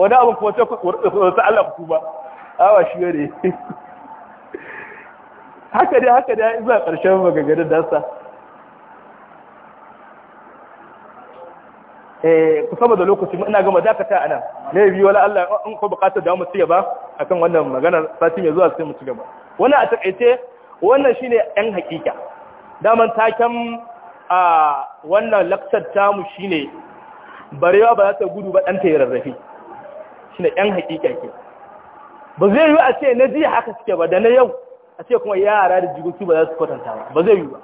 wani abin kuma sai ku sa Allah ku ba awa shi bane haka dai haka dai zuwa ƙarshen magagarin sa. Eh, ku da lokaci ina gama dakata a nan ne biyu wala Allah in ko bukatar da mu ci gaba akan wannan maganar satin mai zuwa sai mu ci gaba wannan a takaice wannan shine ɗan hakika daman taken a wannan ta tamu shine barewa ba za ta gudu ba ɗanta ya rarrafi shine ɗan hakika ke ba zai yi a ce na ji haka suke ba da na yau a ce kuma yara da jigoki ba za su kwatanta ba ba zai yi ba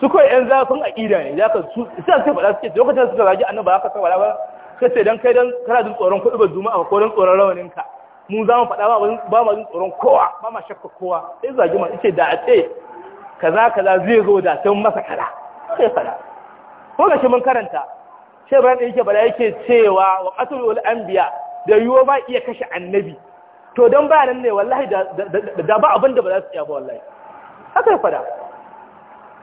su kai yan zafin aƙida ne zaka su sai su faɗa suke lokacin suka zagi annabi haka suka faɗa ba sai ce dan kai dan kana jin tsoron kuɗi ba zuma ko dan tsoron rawaninka. mu za mu faɗa ba mu jin tsoron kowa ba ma shakka kowa sai zagi ma ce da a ce kaza kaza zai zo da san masa kaza sai faɗa ko ga shi mun karanta sai bayan yake bala yake cewa wa qatlul anbiya da yuwa ba iya kashe annabi to dan bayanan ne wallahi da ba abin da ba za su iya ba wallahi haka ya faɗa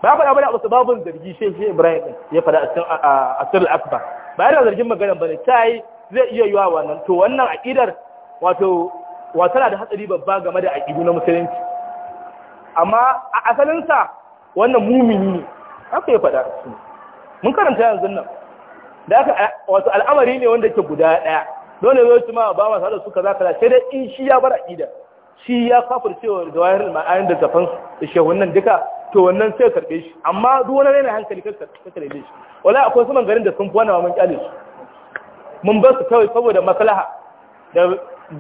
ba faɗa bane abu babun zargi shi shi Ibrahim ya faɗa a sirri akbar ba yana zargin maganar bane ta yi zai iya yiwa wannan to wannan aƙidar wato watana da hatsari babba game da aƙidu na musulunci amma a asalinsa wannan mumini ne haka ya faɗa mun karanta yanzu nan da aka wato al'amari ne wanda ke guda ɗaya dole zai ci ma ba ma sada su kaza kaza sai dai in shi ya bar aƙidar shi ya kafircewa da wayar da ma'ayin da zafan da nan duka to wannan sai karbe shi amma duk wani yana hankali kar ka karbe shi wala akwai saman garin da sun fona mun kyale su mun ba su kawai saboda maslaha da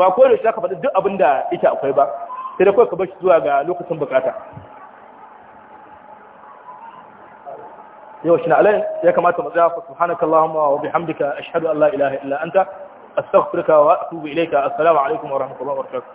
ba ko da shi aka faɗi duk abinda yake akwai ba sai da kawai ka bashi zuwa ga lokacin bukata yau shi na alai ya kamata mu tsaya subhanaka wa bihamdika ashhadu an la ilaha illa anta astaghfiruka wa atubu ilayka assalamu alaikum wa rahmatullahi wa barakatuh